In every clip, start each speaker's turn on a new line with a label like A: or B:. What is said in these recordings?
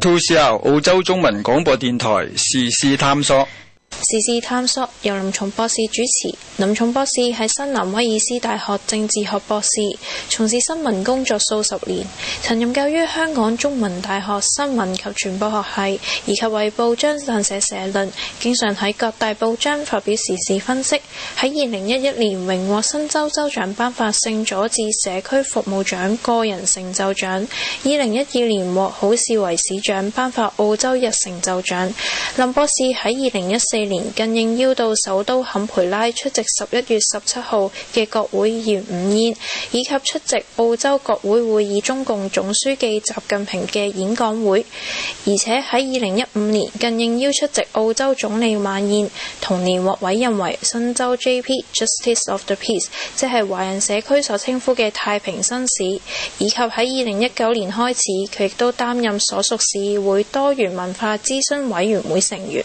A: ToS L 澳洲中文廣播電台，時事探索。
B: 時事探索由林聰博士主持。林聰博士喺新南威爾斯大學政治學博士，從事新聞工作數十年，曾任教於香港中文大學新聞及傳播學系，以及為報章撰寫社，社論，經常喺各大報章發表時事分析。喺二零一一年榮獲新州州長頒發聖佐治社區服務獎個人成就獎，二零一二年獲好事為市長頒發澳洲日成就獎。林博士喺二零一四年，年更應邀到首都坎培拉出席十一月十七號嘅國會議員午宴，以及出席澳洲國會會議。中共總書記習近平嘅演講會，而且喺二零一五年更應邀出席澳洲總理晚宴。同年獲委任為新州 JP Justice of the Peace，即係華人社區所稱呼嘅太平紳士，以及喺二零一九年開始，佢亦都擔任所屬市議會多元文化諮詢委員會成員。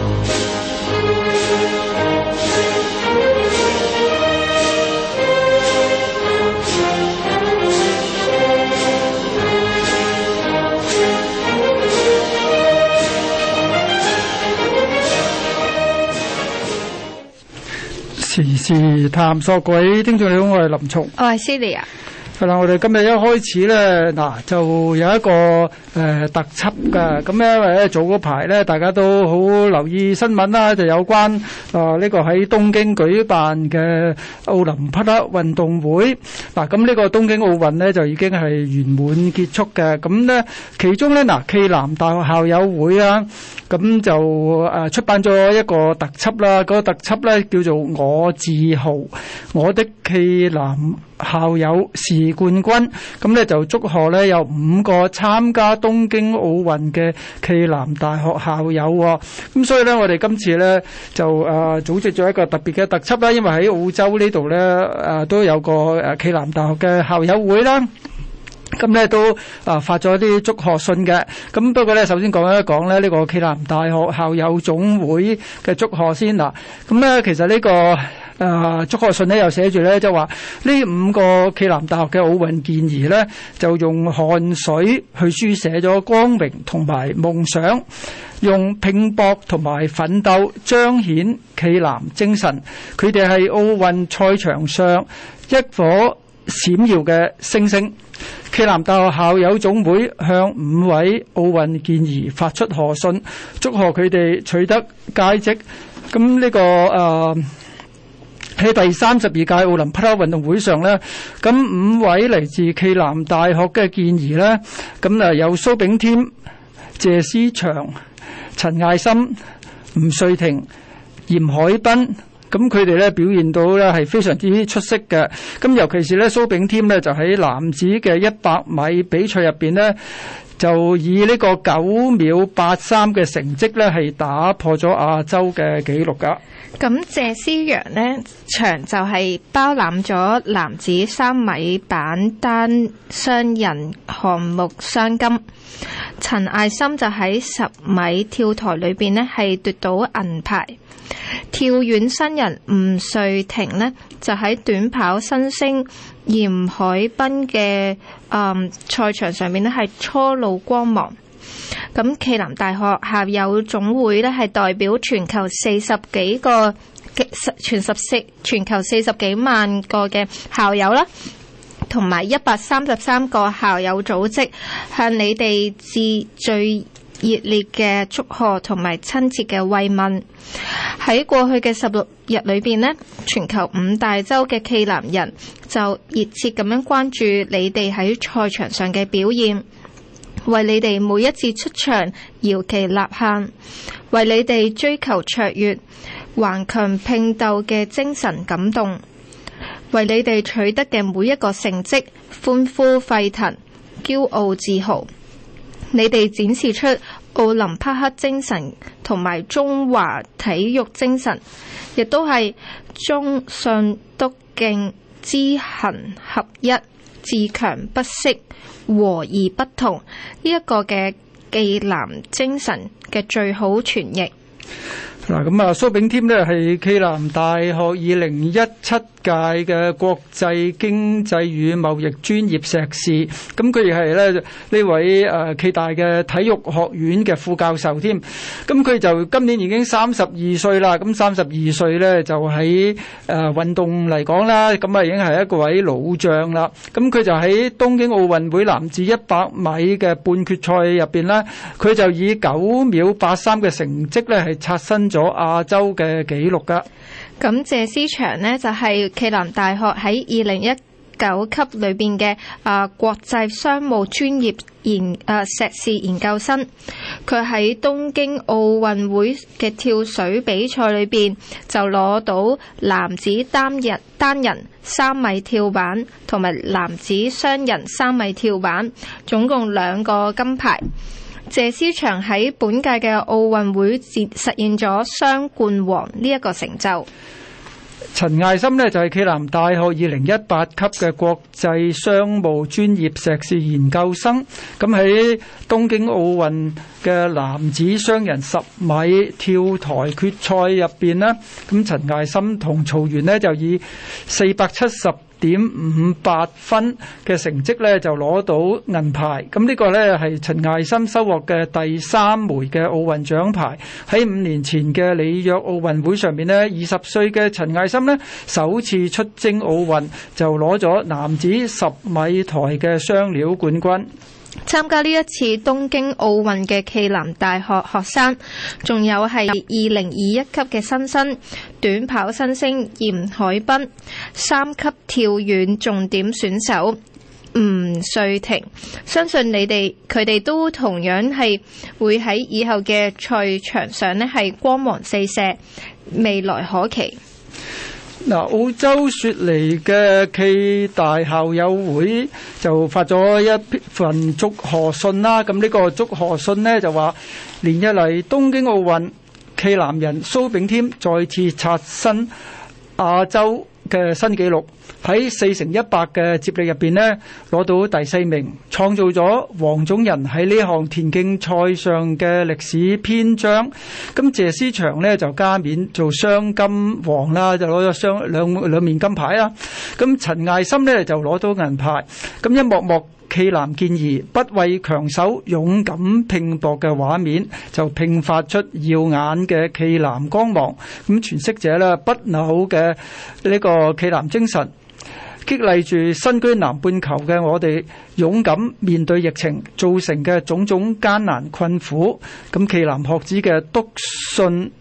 A: 時事探索鬼，聽眾你好，我係林松，我係 Celia。係啦，我哋今日一開始咧，嗱就有一個誒特輯嘅，咁咧誒早嗰排咧，大家都好留意新聞啦，就有關啊呢個喺東京舉辦嘅奧林匹克運動會。嗱，咁呢個東京奧運咧就已經係圓滿結束嘅。咁咧其中咧，嗱暨南大學校友會啊。咁就誒出版咗一個特輯啦，嗰、那個特輯呢，叫做《我自豪》，我的暨南校友是冠軍。咁呢，就祝賀呢有五個參加東京奧運嘅暨南大學校友。咁所以呢，我哋今次呢，就誒組織咗一個特別嘅特輯啦，因為喺澳洲呢度呢，誒都有個誒暨南大學嘅校友會啦。咁咧都啊發咗啲祝賀信嘅，咁不過咧，首先講一講咧呢個暨南大學校友總會嘅祝賀先。嗱，咁咧其實呢個啊祝賀信咧又寫住咧就話呢五個暨南大學嘅奧運健兒咧，就用汗水去書寫咗光榮同埋夢想，用拼搏同埋奮鬥彰顯暨南精神。佢哋喺奧運賽場上一夥閃耀嘅星星，暨南大學校友總會向五位奧運健兒發出賀信，祝賀佢哋取得佳績。咁呢個誒喺第三十二屆奧林匹克運動會上呢，咁五位嚟自暨南大學嘅健兒呢，咁啊有蘇炳添、謝思埸、陳艾森、吳瑞庭、嚴海濱。咁佢哋呢表現到呢係非常之出色嘅，咁尤其是呢蘇炳添呢就喺男子嘅一百米比賽入面呢，就以呢個九秒八三嘅成績，呢係打破咗亞洲嘅紀錄㗎。
C: 咁謝思陽呢，場就係包攬咗男子三米板單雙人項目雙金。陳艾森就喺十米跳台裏邊，呢係奪到銀牌。跳遠新人吳瑞婷呢，就喺短跑新星。嚴海濱嘅誒賽場上面呢係初露光芒，咁暨南大學校友總會呢，係代表全球四十幾個全十四全球四十幾萬個嘅校友啦，同埋一百三十三個校友組織向你哋致最。熱烈嘅祝賀同埋親切嘅慰問，喺過去嘅十六日裏面，全球五大洲嘅暨南人就熱切咁樣關注你哋喺賽場上嘅表現，為你哋每一次出場搖旗吶喊，為你哋追求卓越、頑強拼鬥嘅精神感動，為你哋取得嘅每一個成績歡呼沸騰、驕傲自豪。你哋展示出奧林匹克精神同埋中華體育精神，亦都係忠信篤敬、知行合一、自強不息、和而不同呢一個嘅暨南精神嘅最好詮釋。
A: 嗱，咁啊，蘇炳添呢係暨南大學二零一七。界嘅國際經濟與貿易專業碩士，咁佢係咧呢位誒啊、暨大嘅體育學院嘅副教授添。咁佢就今年已經三十二歲啦。咁三十二歲呢就喺誒、啊、運動嚟講啦，咁啊已經係一位老將啦。咁佢就喺東京奧運會男子一百米嘅半決賽入邊呢，佢就以九秒八三嘅成績呢，係刷新咗亞洲嘅紀錄噶。
C: 咁謝思祥呢，就係、是、暨南大學喺二零一九級裏邊嘅啊國際商務專業研誒碩、啊、士研究生。佢喺東京奧運會嘅跳水比賽裏邊就攞到男子單人單人三米跳板同埋男子雙人三米跳板，總共兩個金牌。謝思埸喺本屆嘅奧運會實現咗雙冠王呢一個成就。
A: 陳艾森呢就係暨南大學二零一八級嘅國際商務專業碩士研究生，咁喺東京奧運嘅男子雙人十米跳台決賽入邊呢，咁陳艾森同曹緣呢就以四百七十，點五八分嘅成績咧，就攞到銀牌。咁呢個呢，係陳艾森收穫嘅第三枚嘅奧運獎牌。喺五年前嘅里約奧運會上面呢，二十歲嘅陳艾森呢首次出征奧運，就攞咗男子十米台嘅雙料冠軍。
C: 參加呢一次東京奧運嘅暨南大學學生，仲有係二零二一級嘅新生短跑新星嚴海斌，三級跳遠重點選手吳瑞庭，相信你哋佢哋都同樣係會喺以後嘅賽場上咧係光芒四射，未來可期。
A: 嗱，澳洲雪梨嘅暨大校友會就發咗一份祝賀信啦。咁呢個祝賀信呢，就話，連日嚟東京奧運暨南人蘇炳添再次刷新亞洲嘅新紀錄。喺四乘一百嘅接力入邊呢，攞到第四名，創造咗黃種人喺呢項田徑賽上嘅歷史篇章。咁謝思祥呢，就加冕做雙金王啦，就攞咗雙兩兩面金牌啦。咁陳艾森呢，就攞到銀牌。咁一幕幕暨南健兒不畏強手、勇敢拼搏嘅畫面，就迸發出耀眼嘅暨南光芒。咁詮釋者呢，不朽嘅呢個暨南精神。激勵住身居南半球嘅我哋勇敢面對疫情造成嘅種種艱難困苦，咁暨南學子嘅篤信。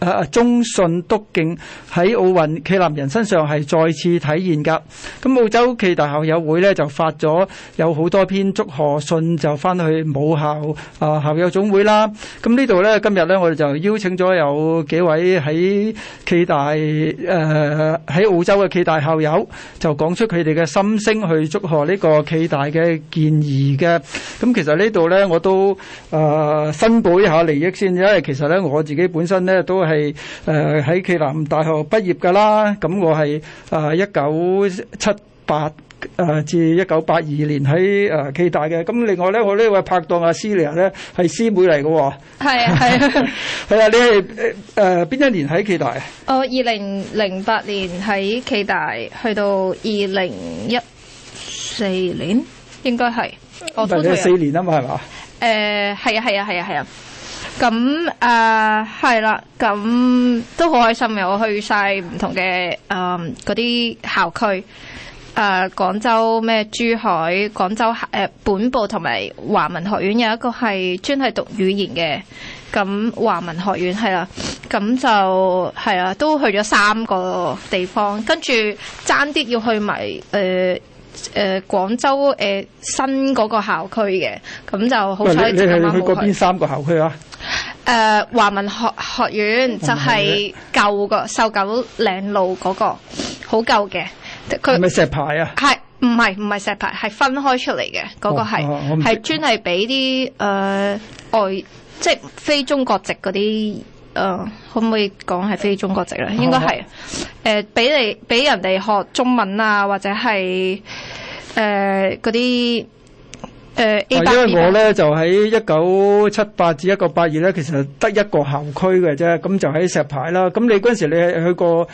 A: 啊！忠信篤敬喺奧運暨南人身上係再次體現㗎。咁澳洲暨大校友會呢，就發咗有好多篇祝賀信，就翻去母校啊校友總會啦。咁呢度呢，今日呢，我哋就邀請咗有幾位喺暨大誒喺、啊、澳洲嘅暨大校友，就講出佢哋嘅心聲去祝賀呢個暨大嘅建議嘅。咁其實呢度呢，我都誒申報一下利益先，因為其實呢，我自己本身呢都。係誒喺暨南大學畢業噶啦，咁我係誒一九七八誒至一九八二年喺誒暨大嘅。咁另外咧，我呢位拍檔阿斯利亞咧係師妹嚟嘅、喔。
D: 係啊
A: 係啊，係啊， 啊！你係誒邊一年喺暨大啊？
C: 我二零零八年喺暨大，去到二零一四年應該係。我哋係四年啊嘛，係嘛？誒、呃，係啊係啊係啊係啊！咁誒係啦，咁都好開心嘅。我去曬唔同嘅誒嗰啲校區，誒廣州咩，珠海、廣州誒本部同埋華文學院，有一個係專係讀語言嘅，咁華文學院係啦，咁就係啦，都去咗三個地方，跟住爭啲要去埋誒。誒、呃，廣州誒、呃、新嗰個校區嘅，咁就好彩。你剛剛，你係去邊
A: 三個校區啊？誒、
C: 呃，華文學學院就係舊個瘦狗嶺路嗰、那個，好舊嘅。
A: 佢係咪石牌啊？
C: 係唔係唔係石牌？係分開出嚟嘅，嗰、哦，那個係係專係俾啲誒外，即係非中國籍嗰啲。誒、嗯，可唔可以講係非中國
A: 籍咧？應該係
C: 誒俾你俾人哋學中文啊，或者係誒嗰啲。呃誒、呃，因為我咧
A: 就喺一九七八至一九八二咧，其實得一個校區嘅啫，咁就喺石牌啦。咁你嗰陣時你去過誒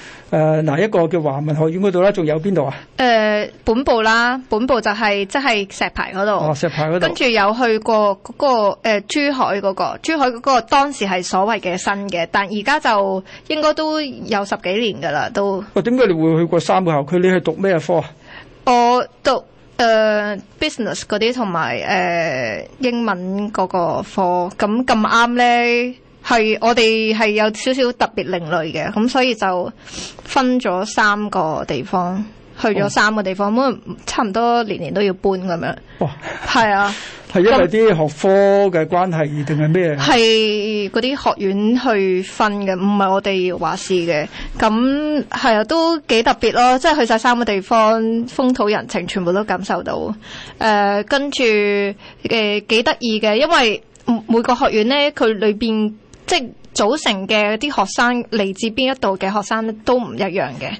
A: 嗱、呃、一個叫華文學院嗰度啦，仲有邊度啊？
C: 誒、呃，本部啦，本部就係即係石牌嗰度。哦、啊，
D: 石牌嗰度。跟住
C: 有去過嗰、那個誒、呃、珠海嗰、那個，珠海嗰個當時係所謂嘅新嘅，但而家就應該都有十幾年噶啦都。
A: 哦、呃，點解你會去過三個校區？你去讀咩科啊？
C: 我讀。誒、uh, business 啲同埋誒英文個個課，咁咁啱咧係我哋系有少少特別另類嘅，咁所以就分咗三個地方。去咗三個地方，咁、哦、差唔多年年都要搬咁、哦、樣。哦，係啊，係因為啲
A: 學科嘅關係而定係咩？係
C: 嗰啲學院去分嘅，唔係我哋話事嘅。咁係啊，都幾特別咯，即係去晒三個地方，風土人情全部都感受到。跟住誒幾得意嘅，因為每個學院咧，佢裏面，即係組成嘅啲學生嚟自邊一度嘅學生都唔一樣嘅。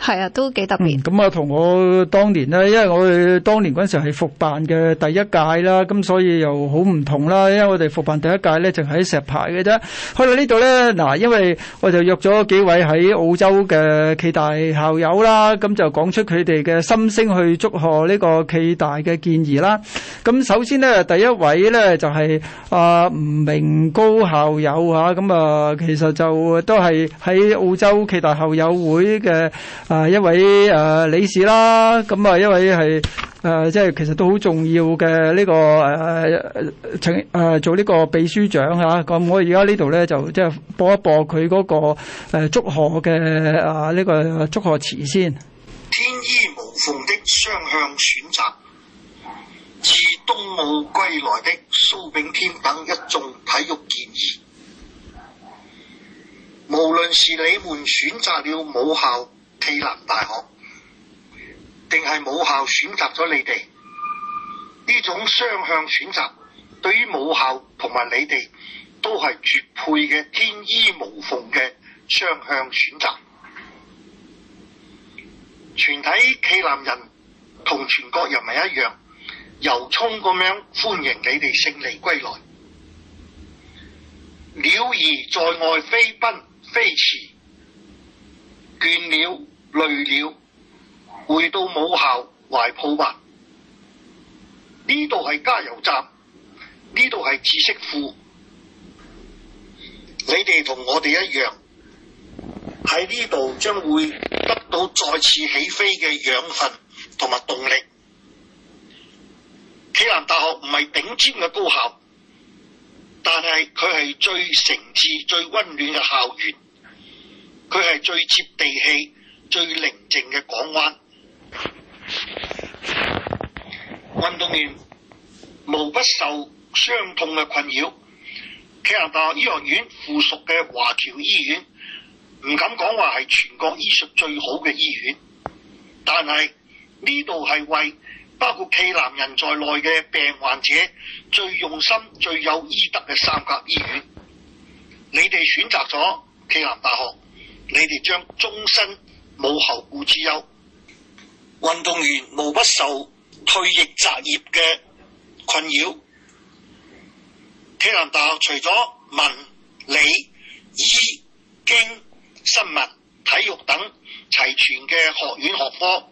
C: 係啊，都幾特別。
A: 咁啊，同我當年咧，因為我哋當年嗰陣時係復辦嘅第一屆啦，咁所以又好唔同啦。因為我哋復辦第一屆咧，就喺石牌嘅啫。去到呢度咧，嗱，因為我就約咗幾位喺澳洲嘅暨大校友啦，咁就講出佢哋嘅心聲去祝賀呢個暨大嘅建議啦。咁首先咧，第一位咧就係啊吳明高校友嚇，咁啊其實就都係喺澳洲暨大校友會嘅。啊，一位啊理事啦，咁啊一位係，誒即係其實都好重要嘅呢個誒，請誒做呢個秘書長吓，咁我而家呢度咧就即係播一播佢嗰個誒祝賀嘅啊呢個祝賀詞先。天
D: 衣無縫的
E: 雙向選擇，自東奧歸來的蘇炳添等一眾體育健兒，無論是你們選擇了母校。暨南大學，定係母校選擇咗你哋呢種雙向選擇，對於母校同埋你哋都係絕配嘅，天衣無縫嘅雙向選擇。全體暨南人同全國人民一樣，由衷咁樣歡迎你哋勝利歸來。鳥兒在外飛奔飛馳，倦鳥。累了，回到母校懷抱吧。呢度係加油站，呢度係知識庫。你哋同我哋一樣喺呢度，將會得到再次起飛嘅養分同埋動力。暨南大學唔係頂尖嘅高校，但係佢係最誠摯、最温暖嘅校園，佢係最接地氣。最寧靜嘅港灣，運動員無不受傷痛嘅困擾。暨南大學醫學院附屬嘅華僑醫院，唔敢講話係全國醫術最好嘅醫院，但係呢度係為包括暨南人在內嘅病患者最用心、最有醫德嘅三甲醫院。你哋選擇咗暨南大學，你哋將終身。冇後顧之憂，運動員無不受退役擇業嘅困擾。暨南大學除咗文、理、醫、經、生物、體育等齊全嘅學院學科，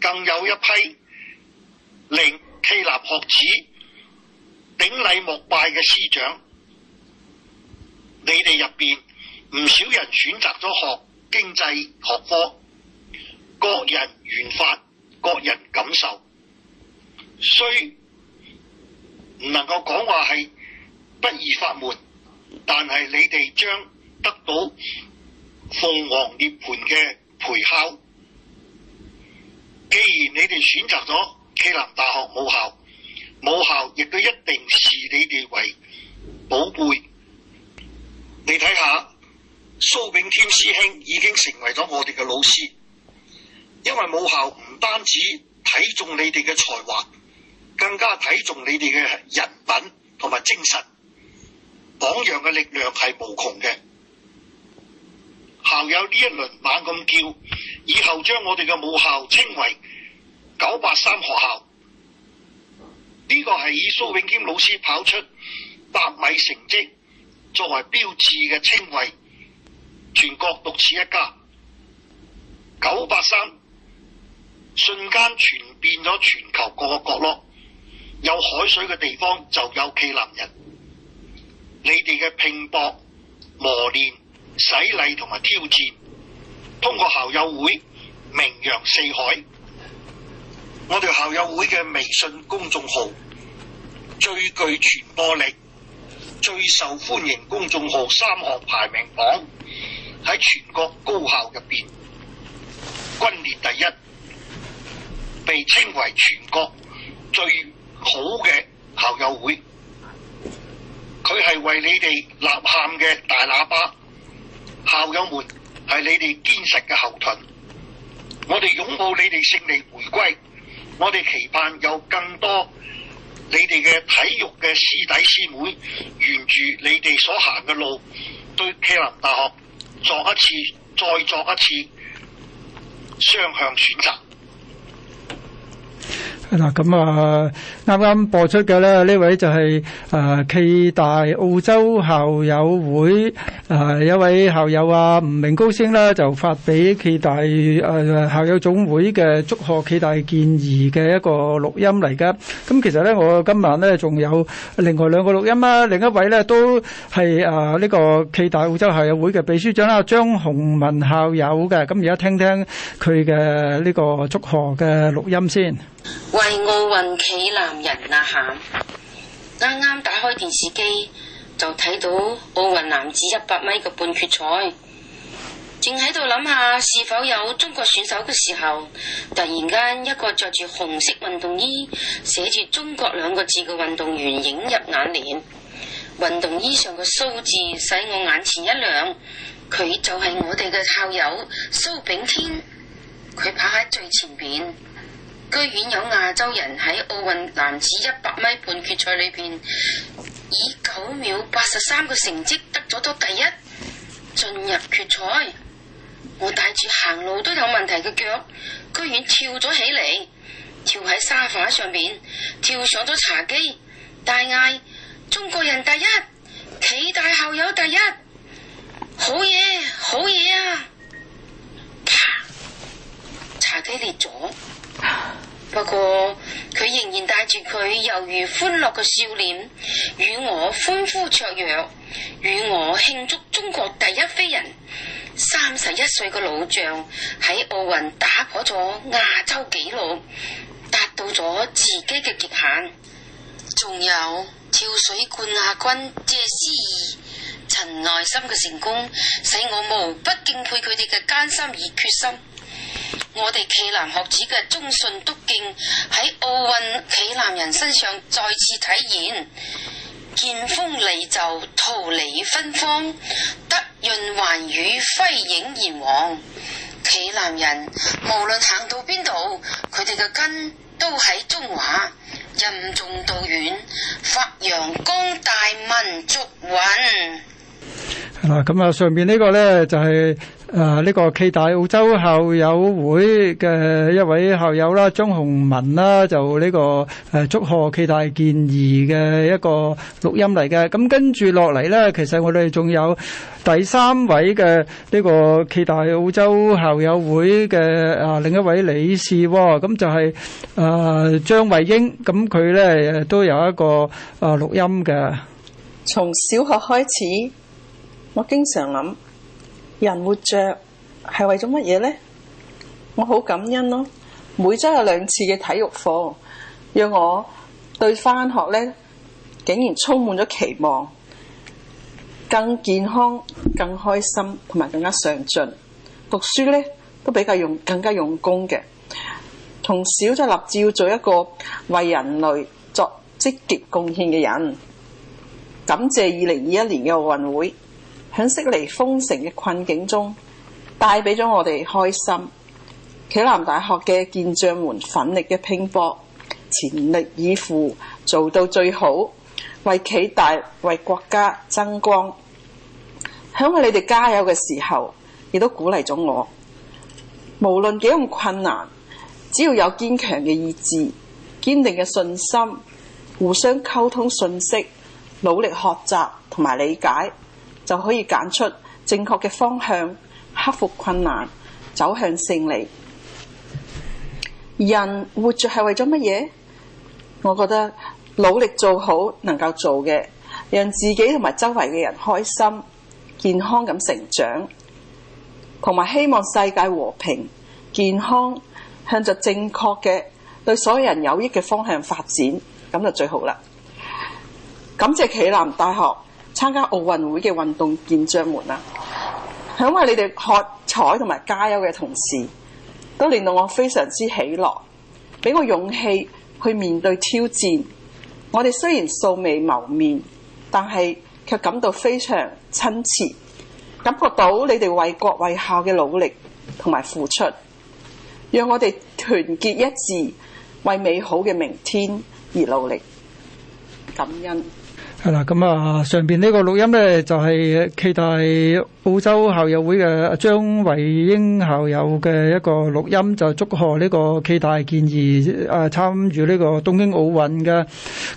E: 更有一批令暨南學子頂禮膜拜嘅師長。你哋入邊唔少人選擇咗學。經濟學科，各人緣法，各人感受，雖唔能夠講話係不二法門，但係你哋將得到鳳凰涅盤嘅陪孝。既然你哋選擇咗暨南大學母校，母校亦都一定視你哋為寶貝。你睇下。蘇炳添師兄已經成為咗我哋嘅老師，因為母校唔單止睇重你哋嘅才華，更加睇重你哋嘅人品同埋精神。榜樣嘅力量係無窮嘅。校友呢一輪猛咁叫，以後將我哋嘅母校稱為九八三學校。呢、這個係以蘇炳添老師跑出百米成績作為標誌嘅稱謂。全國獨此一家，九八三瞬間傳遍咗全球各個角落。有海水嘅地方就有暨南人。你哋嘅拼搏、磨練、洗禮同埋挑戰，通過校友會名揚四海。我哋校友會嘅微信公眾號最具傳播力、最受歡迎公眾號三項排名榜，喺全國高校入邊，軍列第一，被稱為全國最好嘅校友會。佢係為你哋吶喊嘅大喇叭，校友們係你哋堅實嘅後盾。我哋擁抱你哋勝利回歸，我哋期盼有更多你哋嘅體育嘅師弟師妹，沿住你哋所行嘅路，對暨南大學。做一次，再做一次，雙向選擇。
A: 嗱咁啊，啱啱播出嘅咧呢位就係誒暨大澳洲校友會誒一位校友啊，吳明高升咧就發俾暨大誒校友總會嘅祝賀暨大建議嘅一個錄音嚟㗎。咁其實咧，我今晚咧仲有另外兩個錄音啦，另一位咧都係誒呢個暨大澳洲校友會嘅秘書長啦，張紅文校友嘅。咁而家聽聽佢嘅呢個祝賀嘅錄音先。
F: 為奧運暨南人吶喊，啱啱打開電視機就睇到奧運男子一百米嘅半決賽，正喺度諗下是否有中國選手嘅時候，突然間一個着住紅色運動衣、寫住中國兩個字嘅運動員映入眼簾，運動衣上嘅數字使我眼前一亮，佢就係我哋嘅校友蘇炳添，佢跑喺最前邊。居然有亞洲人喺奧運男子一百米半決賽裏邊，以九秒八十三嘅成績得咗到第一，進入決賽。我帶住行路都有問題嘅腳，居然跳咗起嚟，跳喺沙發上邊，跳上咗茶幾，大嗌：中國人第一，暨大校友第一，好嘢，好嘢啊！啪，茶几裂咗。不過佢仍然帶住佢猶如歡樂嘅笑臉，與我歡呼雀躍，與我慶祝中國第一飛人三十一歲嘅老將喺奧運打破咗亞洲紀錄，達到咗自己嘅極限。仲有跳水冠亞軍謝思怡、陳艾森嘅成功，使我無不敬佩佢哋嘅艱辛與決心。 我哋暨南學子嘅忠信篤敬喺奧運暨南人身上再次體現，劍鋒利就桃李芬芳，德潤寰宇，輝映炎黃。暨南人無論行到邊度，佢哋嘅根都喺中華，任重道遠，發揚光大
D: 民族魂。
A: 係咁啊，上邊呢個呢，就係、是。誒，呢個暨大澳洲校友會嘅一位校友啦，張雄文啦，就呢個誒祝賀暨大建二嘅一個錄音嚟嘅。咁跟住落嚟呢，其實我哋仲有第三位嘅呢個暨大澳洲校友會嘅啊另一位理事喎，咁就係誒張慧英，咁佢呢都有一個誒錄音嘅。
G: 從小學開始，我經常諗。人活着係為咗乜嘢呢？我好感恩咯。每周有兩次嘅體育課，讓我對翻學咧竟然充滿咗期望，更健康、更開心同埋更加上進。讀書咧都比較用更加用功嘅。從小就立志要做一個為人類作積極貢獻嘅人。感謝二零二一年嘅奧運會。喺悉尼封城嘅困境中，帶俾咗我哋開心。暨南大學嘅健將們奮力嘅拼搏，全力以赴做到最好，為暨大為國家爭光。響為你哋加油嘅時候，亦都鼓勵咗我。無論幾咁困難，只要有堅強嘅意志、堅定嘅信心，互相溝通信息，努力學習同埋理解。就可以揀出正確嘅方向，克服困難，走向勝利。人活着係為咗乜嘢？我覺得努力做好能夠做嘅，讓自己同埋周圍嘅人開心、健康咁成長，同埋希望世界和平、健康，向着正確嘅對所有人有益嘅方向發展，咁就最好啦。感謝暨南大學。參加奧運會嘅運動健將們啊，響為你哋喝彩同埋加油嘅同時，都令到我非常之喜樂，俾我勇氣去面對挑戰。我哋雖然素未謀面，但係卻感到非常親切，感覺到你哋為國為校嘅努力同埋付出，讓我哋團結一致，為美好嘅明天而努力。感恩。
A: 係啦，咁啊，上邊呢個錄音咧就係期待。澳洲校友會嘅張惠英校友嘅一個錄音，就祝賀呢個暨大建議誒、啊、參與呢個東京奧運嘅。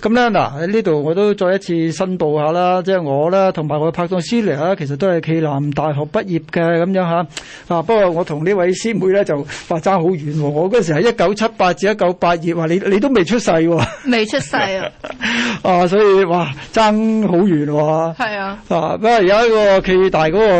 A: 咁咧嗱，喺呢度我都再一次申報下啦，即係我啦，同埋我拍檔師妹啊，其實都係暨南大學畢業嘅咁樣吓，啊，不過我同呢位師妹咧就話爭好遠，啊，我嗰時係一九七八至一九八二，話你你都未出世喎，
C: 啊。未出世
A: 啊！啊所以哇爭好遠喎，啊。係啊！啊不過而家個暨大，嗰個。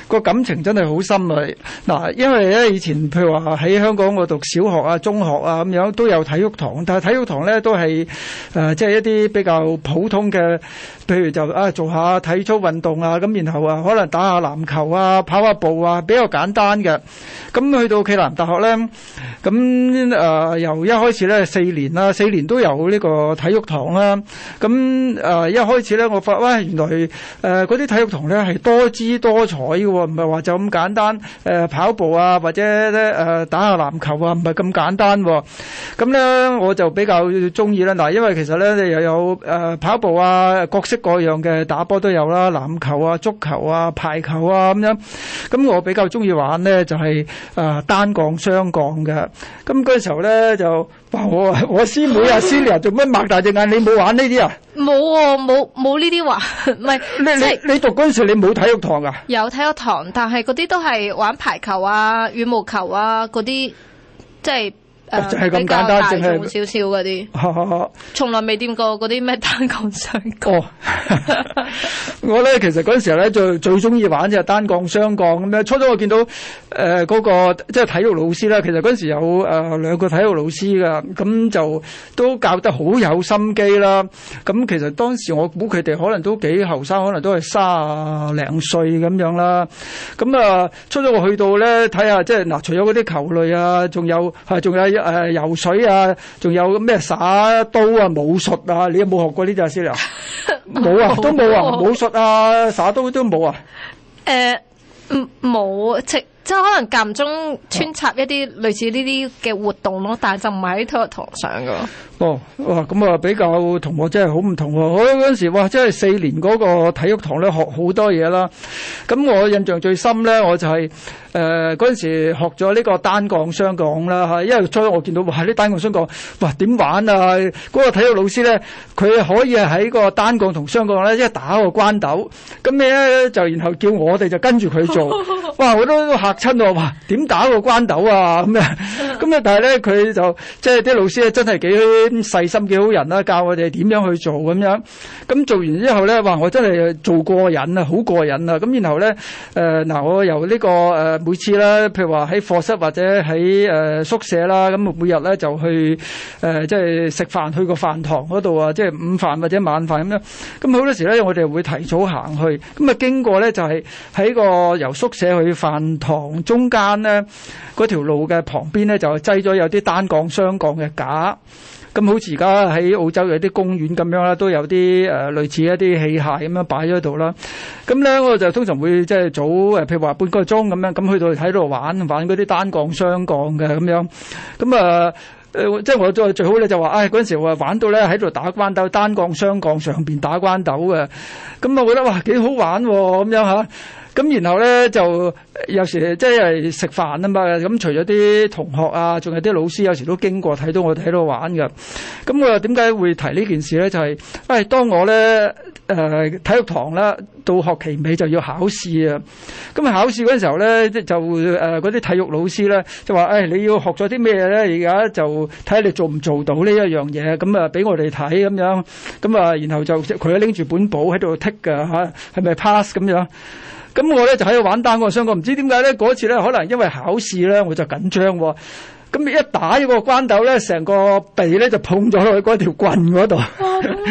A: 個感情真係好深㗎。嗱，因為咧以前譬如話喺香港我讀小學啊、中學啊咁樣都有體育堂，但係體育堂咧都係即係一啲比較普通嘅，譬如就啊做下體操運動啊，咁然後啊可能打下籃球啊、跑下步啊比較簡單嘅。咁去到暨南大學咧，咁誒由一開始咧四年啦，四年都有呢個體育堂啦。咁誒一開始咧我發，話原來嗰啲體育堂咧係多姿多彩喎。唔係話就咁簡單，誒跑步啊，或者咧誒打下籃球啊，唔係咁簡單喎。咁咧我就比較中意喇嗱，因為其實咧你又有誒跑步啊，各式各樣嘅打波都有啦，籃球啊、足球啊、排球啊咁樣。咁我比較中意玩咧就係誒單槓、雙槓嘅。咁嗰時候咧就。我我師妹啊師娘，做咩擘大隻眼？你冇玩呢啲啊？
D: 冇喎、啊，
C: 冇冇呢啲玩，唔 係你、就
A: 是、你，你讀嗰陣時你冇體育堂啊？
C: 有體育堂，但係嗰啲都係玩排球啊、羽毛球啊嗰啲，即係。就是係、嗯、咁、就係、簡單，淨係比較大眾少少啲。
A: 好好好，
C: 從來未掂過啲咩單槓、 哦、 雙槓。
A: 我咧其實陣時候咧就最中意玩就係單槓雙槓，咁樣。初初我見到誒、呃那個即係體育老師啦，其實陣時有誒兩、呃、個體育老師噶，咁就都教得好有心機啦。咁其實當時我估佢哋可能都幾後生，可能都係卅啊零歲咁樣啦。咁啊，初初我去到咧睇下，即係嗱、呃，除咗啲球類啊，仲有係仲有一。誒、呃，游水啊，仲有咩耍刀啊、武術啊，你有冇學過呢？只阿 Sir 啊，冇 啊，都冇啊， 武術啊、耍刀都冇啊。誒、呃，
C: 冇、呃，即即，即可能間中穿插一啲類似呢啲嘅活動咯，但係就唔係喺體育堂上噶。
A: 哦，哇，咁啊，比較同我真係好唔同喎。我嗰陣時哇，真係四年嗰個體育堂咧，學好多嘢啦。咁我印象最深咧，我就係、是。誒、呃、嗰時學咗呢個單槓雙槓啦，嚇！因為我見到哇，啲單槓雙槓，哇點玩啊？嗰、那個體育老師咧，佢可以喺個單槓同雙槓咧，一打個關鬥，咁咧就然後叫我哋就跟住佢做， 哇！我都嚇親我，哇點打個關鬥啊？咁樣咁，但係咧佢就即係啲老師真係幾細心幾好人啦，教我哋點樣去做咁樣。咁做完之後咧，哇！我真係做過癮啊，好過癮啊！咁然後咧，誒、呃、嗱、呃，我由呢、這個、呃每次啦，譬如話喺課室或者喺誒宿舍啦，咁每日咧就去誒，即係食飯去個飯堂嗰度啊，即係午飯或者晚飯咁樣。咁好多時咧，我哋會提早行去，咁啊經過咧就係喺個由宿舍去飯堂中間咧嗰條路嘅旁邊咧，就擠咗有啲單槓雙槓嘅架。咁好似而家喺澳洲有啲公園咁樣啦，都有啲誒類似一啲器械咁樣擺咗度啦。咁咧我就通常會即係早誒，譬如話半個鐘咁樣，咁去到喺度玩玩嗰啲單槓、雙槓嘅咁樣。咁啊誒，即係我再最好咧就話，唉嗰陣時我玩到咧喺度打關斗，單槓、雙槓上邊打關斗嘅。咁啊，覺得哇幾好玩喎咁樣吓。咁然後咧就有時即係食飯啊嘛，咁除咗啲同學啊，仲有啲老師有時都經過睇到我哋喺度玩㗎。咁啊點解會提呢件事咧？就係、是、誒、哎、當我咧誒、呃、體育堂啦，到學期尾就要考試啊。咁考試嗰陣時候咧，就嗰啲、呃、體育老師咧就話、哎：你要學咗啲咩咧？而家就睇你做唔做到呢一樣嘢。咁啊俾我哋睇咁樣，咁、嗯、啊然後就佢拎住本簿喺度剔㗎吓，係、啊、咪 pass 咁樣？咁我咧就喺度玩單槓雙槓，唔知點解咧嗰次咧，可能因為考試咧我就緊張喎。咁一打一個關鬥咧，成個鼻咧就碰咗落去嗰條棍嗰度。
D: 哇！痛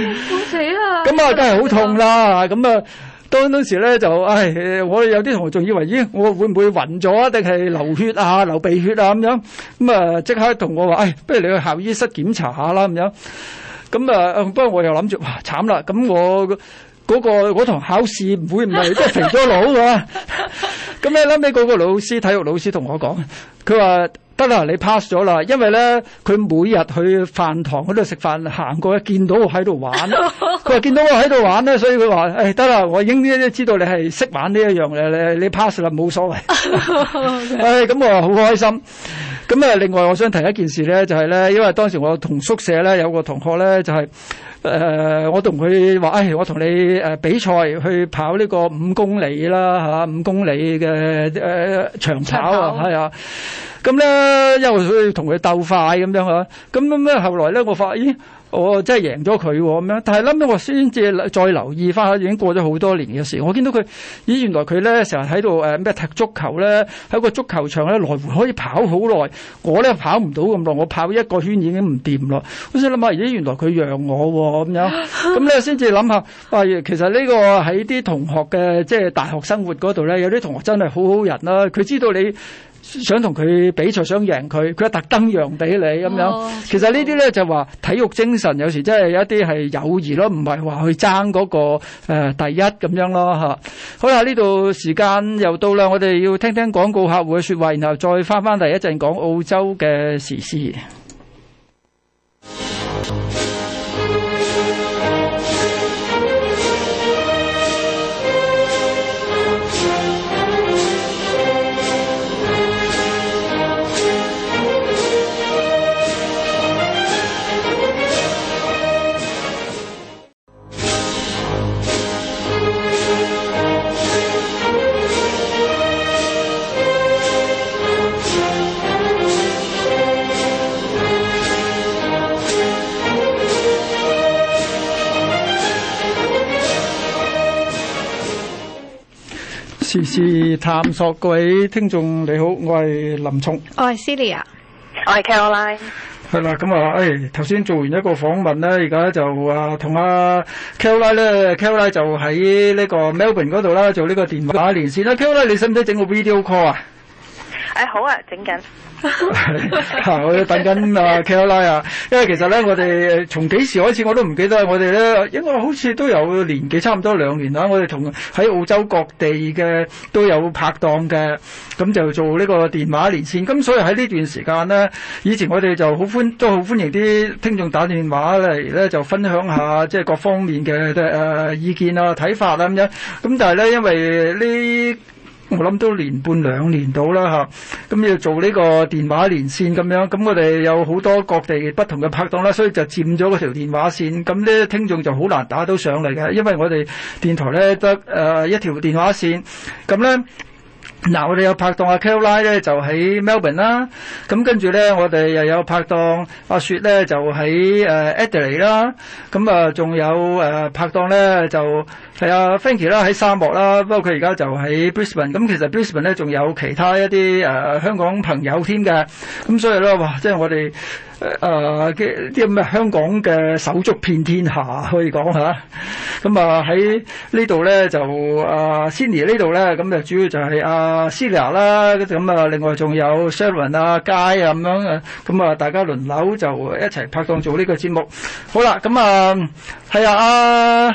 D: 死啦！咁 啊，梗係好痛啦！
A: 咁啊，當當時咧就唉，我哋有啲同學仲以為咦、哎，我會唔會暈咗啊定係流血啊、流鼻血啊咁樣？咁啊，即刻同我話：唉，不如你去校醫室檢查下啦咁樣。咁啊，不過我又諗住哇，慘啦！咁我。嗰、那個嗰堂、那個、考試唔會唔係即係肥多佬喎，咁你諗起嗰個老師，體育老師同我講，佢話得啦，你 pass 咗啦，因為咧佢每日去飯堂嗰度食飯，行過見到我喺度玩，佢話見到我喺度玩咧，所以佢話誒得啦，我已經知道你係識玩呢一樣嘢，你你 pass 啦，冇所謂，咁、 哎、我好開心。咁啊！另外，我想提一件事咧，就係、是、咧，因為當時我同宿舍咧有個同學咧，就係我同佢話，誒、呃，我同、哎、你、呃、比賽去跑呢個五公里啦，五、啊、公里嘅、呃、長跑長啊，係啊。咁咧，因為佢同佢鬥快咁樣啊。咁咩？後來咧，我發現咦，我真係贏咗佢咁樣，但係諗到我先至再留意返，已經過咗好多年嘅事。我見到佢咦，原來佢咧成日喺度誒咩踢足球咧，喺個足球場咧來回可以跑好耐。我咧跑唔到咁耐，我跑一個圈已經唔掂咯。好似諗下，咦，原來佢讓我咁樣，咁咧先至諗下。其實呢個喺啲同學嘅即係大學生活嗰度咧，有啲同學真係好好人啦。佢知道你。想同佢比賽，想贏佢，佢一特登讓俾你咁樣。其實這些呢啲咧就話體育精神，有時真係有一啲係友誼咯，唔係話去爭嗰個、呃、第一咁樣咯嚇。好啦，呢度時間又到啦，我哋要聽聽廣告客戶嘅説話，然後再翻翻第一陣講澳洲嘅時事。事 探索，各位聽眾，你好，我係林聰，
B: 我係 Celia，我係 Caroline。
A: 係啦，咁、嗯、啊，誒頭先做完一個訪問咧，而家就啊同啊 Caroline 咧，Caroline 就喺呢個 Melbourne 嗰度啦，做呢個電話連線啦。Caroline，、啊、你使唔使整個 video call 啊？
H: 誒、哎、好啊，整緊。
A: 我都等緊啊 Carla 啊，因為其實咧，我哋從幾時開始我都唔記得，我哋咧應該好似都有年紀差唔多兩年啦。我哋同喺澳洲各地嘅都有拍檔嘅，咁就做呢個電話連線。咁所以喺呢段時間呢，以前我哋就好歡都好歡迎啲聽眾打電話嚟咧，就分享下即係各方面嘅誒意見啊、睇法啊咁樣。咁但係咧，因為呢～我諗都年半兩年到啦，咁要做呢個電話連線咁樣，咁、嗯、我哋有好多各地不同嘅拍檔啦，所以就佔咗嗰條電話線，咁、嗯、啲聽眾就好難打到上嚟嘅，因為我哋電台咧得、呃、一條電話線，咁咧，嗱我哋有拍檔阿 Kelley 呢，咧就喺 Melbourne 啦，咁、嗯、跟住咧我哋又有拍檔阿雪咧就喺 Adelaide 啦，咁啊仲有、呃、拍檔咧就。係啊 f a n k y 啦，喺沙漠啦，不過佢而家就喺 Brisbane、嗯。咁其實 Brisbane 咧仲有其他一啲、呃、香港朋友添嘅，咁、嗯、所以咧即係我哋誒啲咁嘅香港嘅手足遍天下可以講嚇。咁、嗯、啊喺呢度咧就阿、啊、Sunny 呢度咧咁就主要就係阿、啊、s y l i a 啦，咁、嗯、啊另外仲有 Sherwin 啊、佳啊咁樣啊，咁、嗯、啊大家輪流就一齊拍檔做呢個節目。好啦，咁、嗯、啊係啊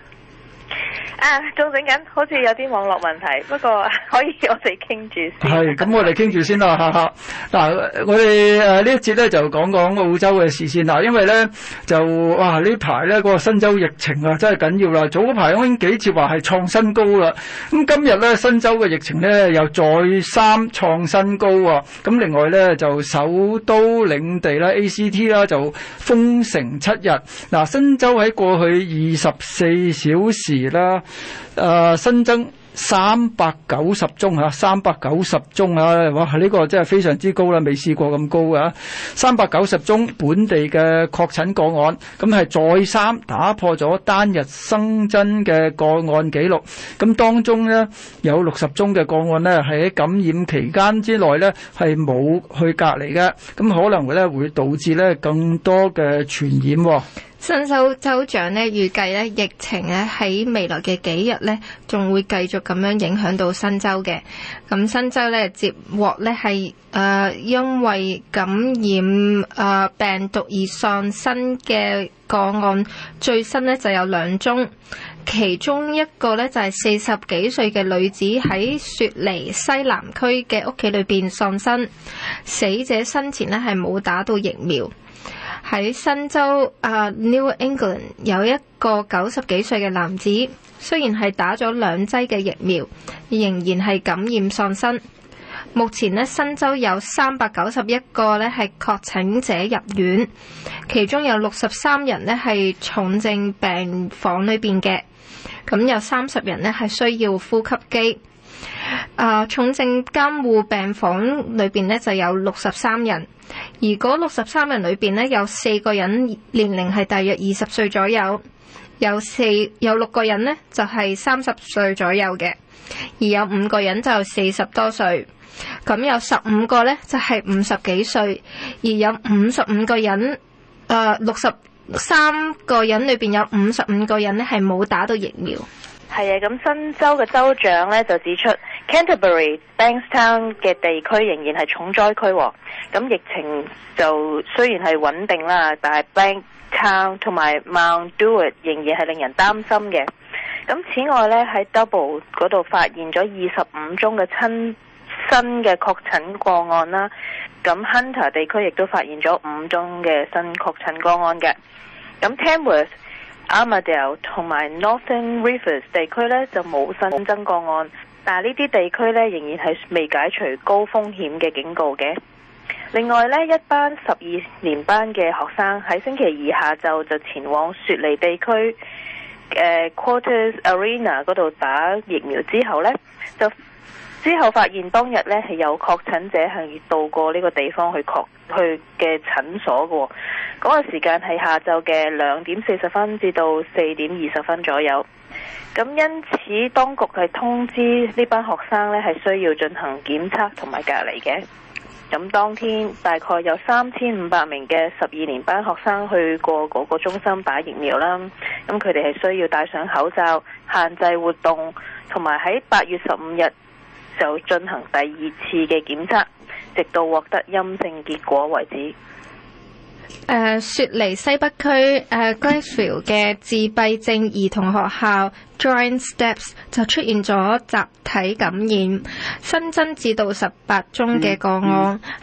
H: 啊，仲整
A: 緊，好似有啲網絡問題，不過可以我哋傾住先。係，咁我哋傾住先啦，哈。嗱，我哋呢一節咧就講講澳洲嘅事先。嗱、啊，因為咧就哇、啊、呢排咧、嗰個新州疫情啊真係緊要啦。早排已經幾次話係創新高啦。咁、啊、今日咧新州嘅疫情咧又再三創新高喎。咁、啊、另外咧就首都領地啦 ACT 啦就封城七日。嗱、啊，新州喺過去二十四小時啦。誒，新增三百九十宗吓，三百九十宗吓，哇！呢個真係非常之高啦，未試過咁高嘅吓，三百九十宗本地嘅確診個案，咁係再三打破咗單日新增嘅個案紀錄。咁當中咧有六十宗嘅個案咧，係喺感染期間之內咧係冇去隔離嘅，咁可能會咧會導致咧更多嘅傳染喎。新州
C: 州長咧預計咧疫情咧喺未來嘅幾日咧仲會繼續咁樣影響到新州嘅。咁新州咧接獲咧係誒因為感染誒、呃、病毒而喪生嘅個案，最新咧就有兩宗，其中一個咧就係四十幾歲嘅女子喺雪梨西南區嘅屋企裏邊喪生，死者生前咧係冇打到疫苗。喺新州啊，uh，New England 有一個九十幾歲嘅男子，雖然係打咗兩劑嘅疫苗，仍然係感染喪生。目前呢，新州有三百九十一個咧，係確診者入院，其中有六十三人呢係重症病房裏邊嘅，咁有三十人呢係需要呼吸機。啊、呃！重症監護病房裏邊咧就有六十三人，而嗰六十三人裏邊咧有四個人年齡係大約二十歲左右，有四有六個人呢，就係三十歲左右嘅，而有五個人就四十多歲，咁有十五個呢，就係五十幾歲，而有五十五個人誒六十三個人裏邊有五十五個人呢，係冇打到疫苗，係啊。咁新州嘅州長
H: 呢，就指出。Canterbury、Bankstown 嘅地區仍然係重災區、哦，咁疫情就雖然係穩定啦，但係 Bankstown 同埋 Mount Dewitt 仍然係令人擔心嘅。咁此外咧，喺 Double 嗰度發現咗二十五宗嘅新嘅確診個案啦。咁 Hunter 地區亦都發現咗五宗嘅新確診個案嘅。咁 Tamworth、Armadale 同埋 Northern Rivers 地區咧就冇新增個案。但係呢啲地區咧，仍然係未解除高風險嘅警告嘅。另外呢，一班十二年班嘅學生喺星期二下晝就前往雪梨地區嘅，呃、Quarters Arena 度打疫苗之後呢，就之後發現當日呢係有確診者係到過呢個地方去確去嘅診所嘅，哦。嗰，嗰個時間係下晝嘅兩點四十分至到四點二十分左右。咁因此，當局係通知呢班學生呢，係需要進行檢測同埋隔離嘅。咁當天大概有三千五百名嘅十二年班學生去過嗰個中心打疫苗啦。咁佢哋係需要戴上口罩，限制活動，同埋喺八月十五日就進行第二次嘅檢測，直到獲得陰性結果為止。
C: Uh, 雪梨西北區誒、uh, Gladesville 嘅自閉症兒童學校 Giant Steps 就出現咗集體感染，新增至到十八宗嘅個案，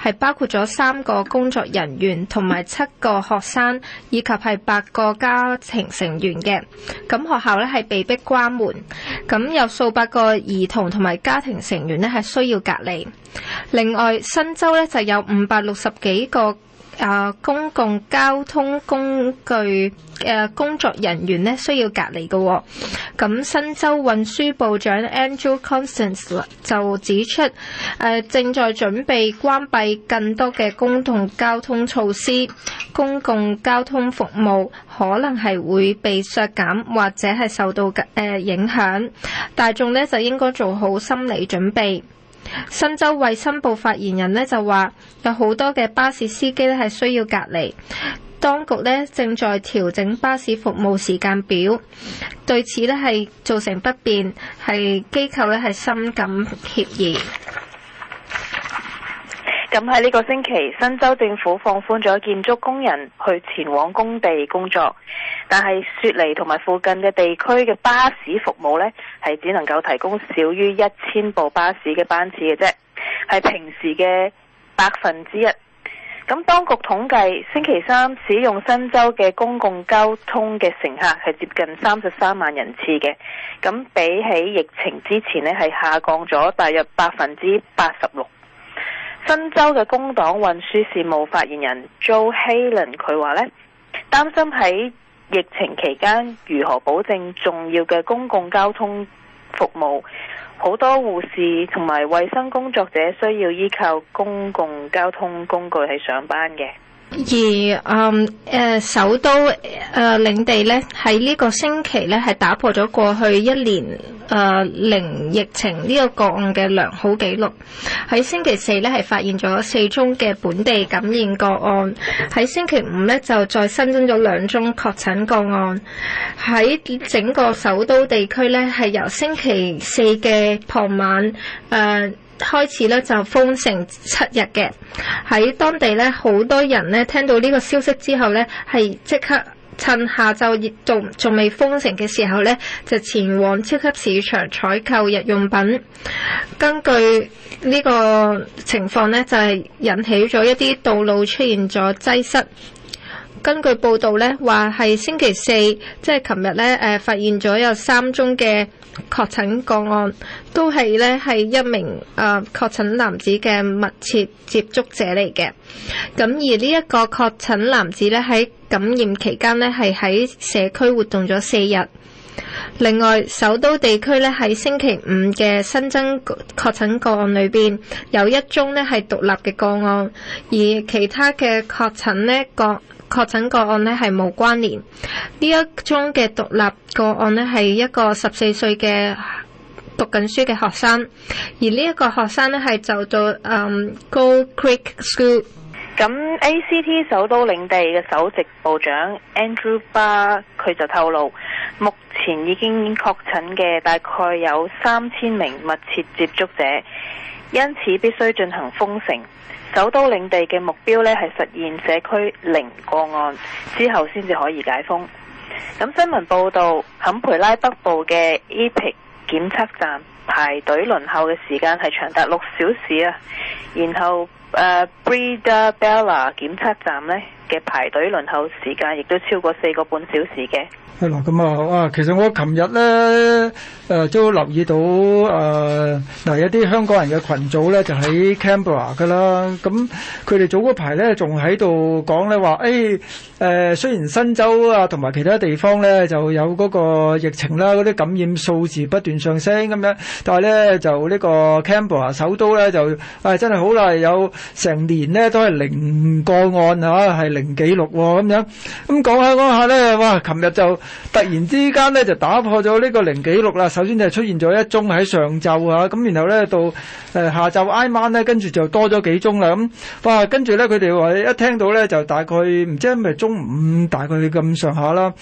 C: 係、mm -hmm. 包括咗三個工作人員同埋七個學生，以及係八個家庭成員嘅。咁學校咧係被逼關門，咁有數百個兒童同埋家庭成員咧係需要隔離。另外，新州咧就有五百六十幾個。啊，公共交通工具嘅、啊、工作人員呢需要隔離嘅、哦，咁新州運輸部長 Andrew Constance 就指出，啊、正在準備關閉更多嘅公共交通措施，公共交通服務可能係會被削減或者係受到誒、啊、影響，大眾呢就應該做好心理準備。新州衛生部發言人咧就話有好多嘅巴士司機咧係需要隔離，當局咧正在調整巴士服務時間表，對此咧係造成不便，係機構咧係深感歉意。咁喺呢個星期，
H: 新州政府放寬咗建築工人去前往工地工作，但係雪梨同埋附近嘅地區嘅巴士服務呢，係只能夠提供少於一千部巴士嘅班次嘅啫，係平時嘅百分之一。咁當局統計，星期三使用新州嘅公共交通嘅乘客係接近三十三萬人次嘅，咁比起疫情之前呢，係下降咗大約百分之八十六。新州嘅工黨運輸事務發言人 Jo Haylen 佢話咧，擔心喺疫情期間如何保證重要嘅公共交通服務，好多護士同埋衛生工作者需要依靠公共交通工具去上班嘅。
C: 而嗯誒、呃，首都誒、呃，領地咧喺呢個星期咧係打破咗過去一年誒、呃、零疫情呢個個案嘅良好記錄。喺星期四咧係發現咗四宗嘅本地感染個案，喺星期五咧就再新增咗兩宗確診個案。喺整個首都地區咧係由星期四嘅傍晚誒。呃開始咧就封城七日嘅，喺當地咧好多人咧聽到呢個消息之後咧，係即刻趁下晝熱度仲未封城嘅時候咧，就前往超級市場採購日用品。根據呢個情況咧，就係引起咗一啲道路出現咗擠塞。根據報道咧，話係星期四，即係琴日咧，誒發現咗有三宗嘅確診個案，都係咧係一名誒確診男子嘅密切接觸者嚟嘅。咁而呢一個確診男子咧喺感染期間呢係喺社區活動咗四日。另外，首都地區咧喺星期五嘅新增確診個案裏邊有一宗呢係獨立嘅個案，而其他嘅確診呢各確診個案咧係冇關聯，呢一宗嘅獨立個案咧係一個十四歲嘅讀緊書嘅學生，而呢一個學生咧係就到嗯 Gold Creek School。咁 ACT 首都領地嘅首席部長 Andrew Barr，
H: 佢就透露，目前已經確診嘅大概有三千名密切接觸者，因此必須進行封城。首都領地嘅目標咧係實現社區零個案之後先至可以解封。咁新聞報導，坎培拉北部嘅 Epic 檢測站排隊輪候嘅時間係長達六小時啊，然後誒、uh, Brindabella 檢測站咧嘅排隊輪候時間亦都超過四個半小時嘅。
A: 係啦，咁啊，哇！其實我琴日咧，誒都留意到誒，嗱有啲香港人嘅羣組咧，就喺 Canberra 㗎啦。咁佢哋早嗰排咧，仲喺度講咧話，誒誒，雖然新州啊同埋其他地方咧就有嗰個疫情啦，嗰啲感染數字不斷上升咁樣，但係咧就呢個 Canberra 首都咧就係真係好啦，有成年咧都係零個案嚇，係零紀錄喎咁樣。咁講下講下咧，哇！琴日就～突然之間咧就打破咗呢個零紀錄啦。首先就出現咗一宗喺上晝呀，咁、啊、然後咧到、呃、下晝挨晚咧跟住就多咗幾宗啦。咁、嗯、哇，跟住咧佢哋話一聽到咧就大概唔知係咪中午大概咁上下啦。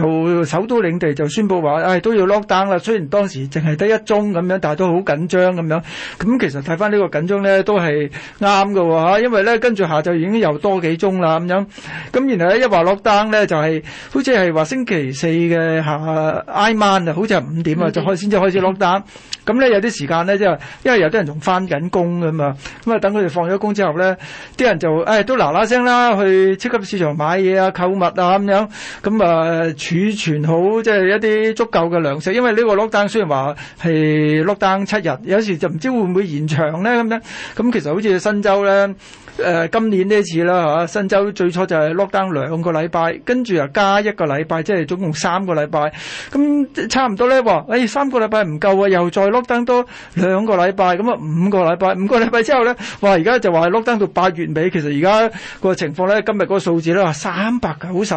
A: 就首都領地就宣佈話，唉、哎、都要 lockdown 啦。雖然當時淨係得一宗咁樣，但都好緊張咁樣。咁其實睇翻呢個緊張咧，都係啱嘅嚇，因為咧跟住下晝已經又多幾宗啦咁樣。咁然後咧一話 lockdown 咧，就係、是、好似係話星期四嘅下挨晚啊，on, 好似係五點啊、mm -hmm. 就開先至開始 lockdown。咁咧有啲時間咧即係，因為有啲人仲返緊工㗎嘛，咁啊等佢哋放咗工之後咧，啲人就誒、哎、都嗱嗱聲啦，去超級市場買嘢啊、購物啊咁樣，咁啊儲存好即係、就是、一啲足夠嘅糧食，因為呢個 lockdown 雖然話係 lockdown 七日，有時就唔知會唔會延長咧咁樣，咁其實好似新州咧。誒、呃、今年呢次啦嚇，新州最初就係 lock down 兩個禮拜，跟住又加一個禮拜，即係總共三個禮拜。咁差唔多咧話，誒、哎、三個禮拜唔夠啊，又再 lock down 多兩個禮拜，咁啊五個禮拜，五個禮拜之後咧話，而家就話 lock down 到八月尾。其實而家個情況咧，今日嗰個數字咧，三百九十。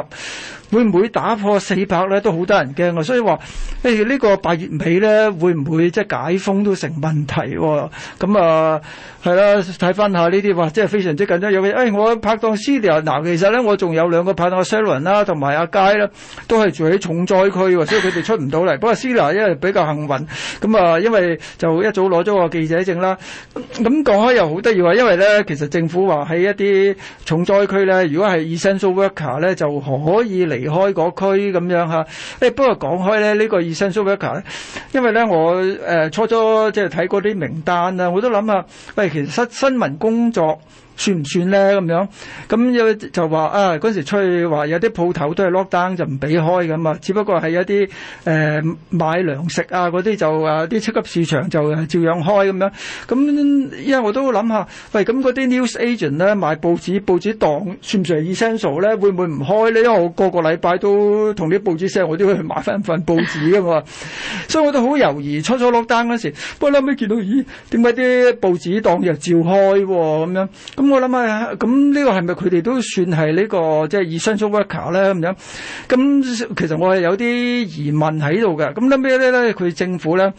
A: 會唔會打破四百咧，都好多人驚啊！所以話呢、欸呢個八月尾咧，會唔會即係解封都成問題喎、哦？咁啊，係啦、啊，睇翻下呢啲話，真係非常之緊張。有啲誒，我拍檔 Celia 嗱其實咧，我仲有兩個拍檔 Cyril 啦，同埋阿佳咧，都係住喺重災區喎，所以佢哋出唔到嚟。不 過 Celia 因為比較幸運，咁啊，因為就一早攞咗個記者證啦。咁講開又好得意話，因為咧，其實政府話喺一啲重災區咧，如果係 essential worker 咧，就可以嚟。離開嗰區咁樣吓，不過講開咧，呢、這個 Essential Worker 咧，因為咧我誒、呃、初初即係睇過啲名單啊，我都諗啊，喂，其實新新聞工作。算唔算咧咁樣？咁有就話啊，嗰時出去話有啲鋪頭都係 lock down 就唔俾開咁啊。只不過係一啲誒、呃、買糧食啊嗰啲就啊啲超級市場就照樣開咁樣。咁因為我都諗下，喂咁嗰啲 news agent 咧買報紙，報紙檔算唔算 essential 咧？會唔會唔開呢？因為我個個禮拜都同啲報紙商，我都要去買翻份報紙啊嘛。 所以我都好猶豫，初初 lock down 嗰時，想不過後尾見到咦，點解啲報紙檔又照開喎咁樣咁。我諗啊，咁呢個係咪佢哋都算係呢、這個即係、就是、essential worker 咧？咁樣咁，其實我係有啲疑問喺度嘅。咁諗咩咧？咧佢政府咧誒、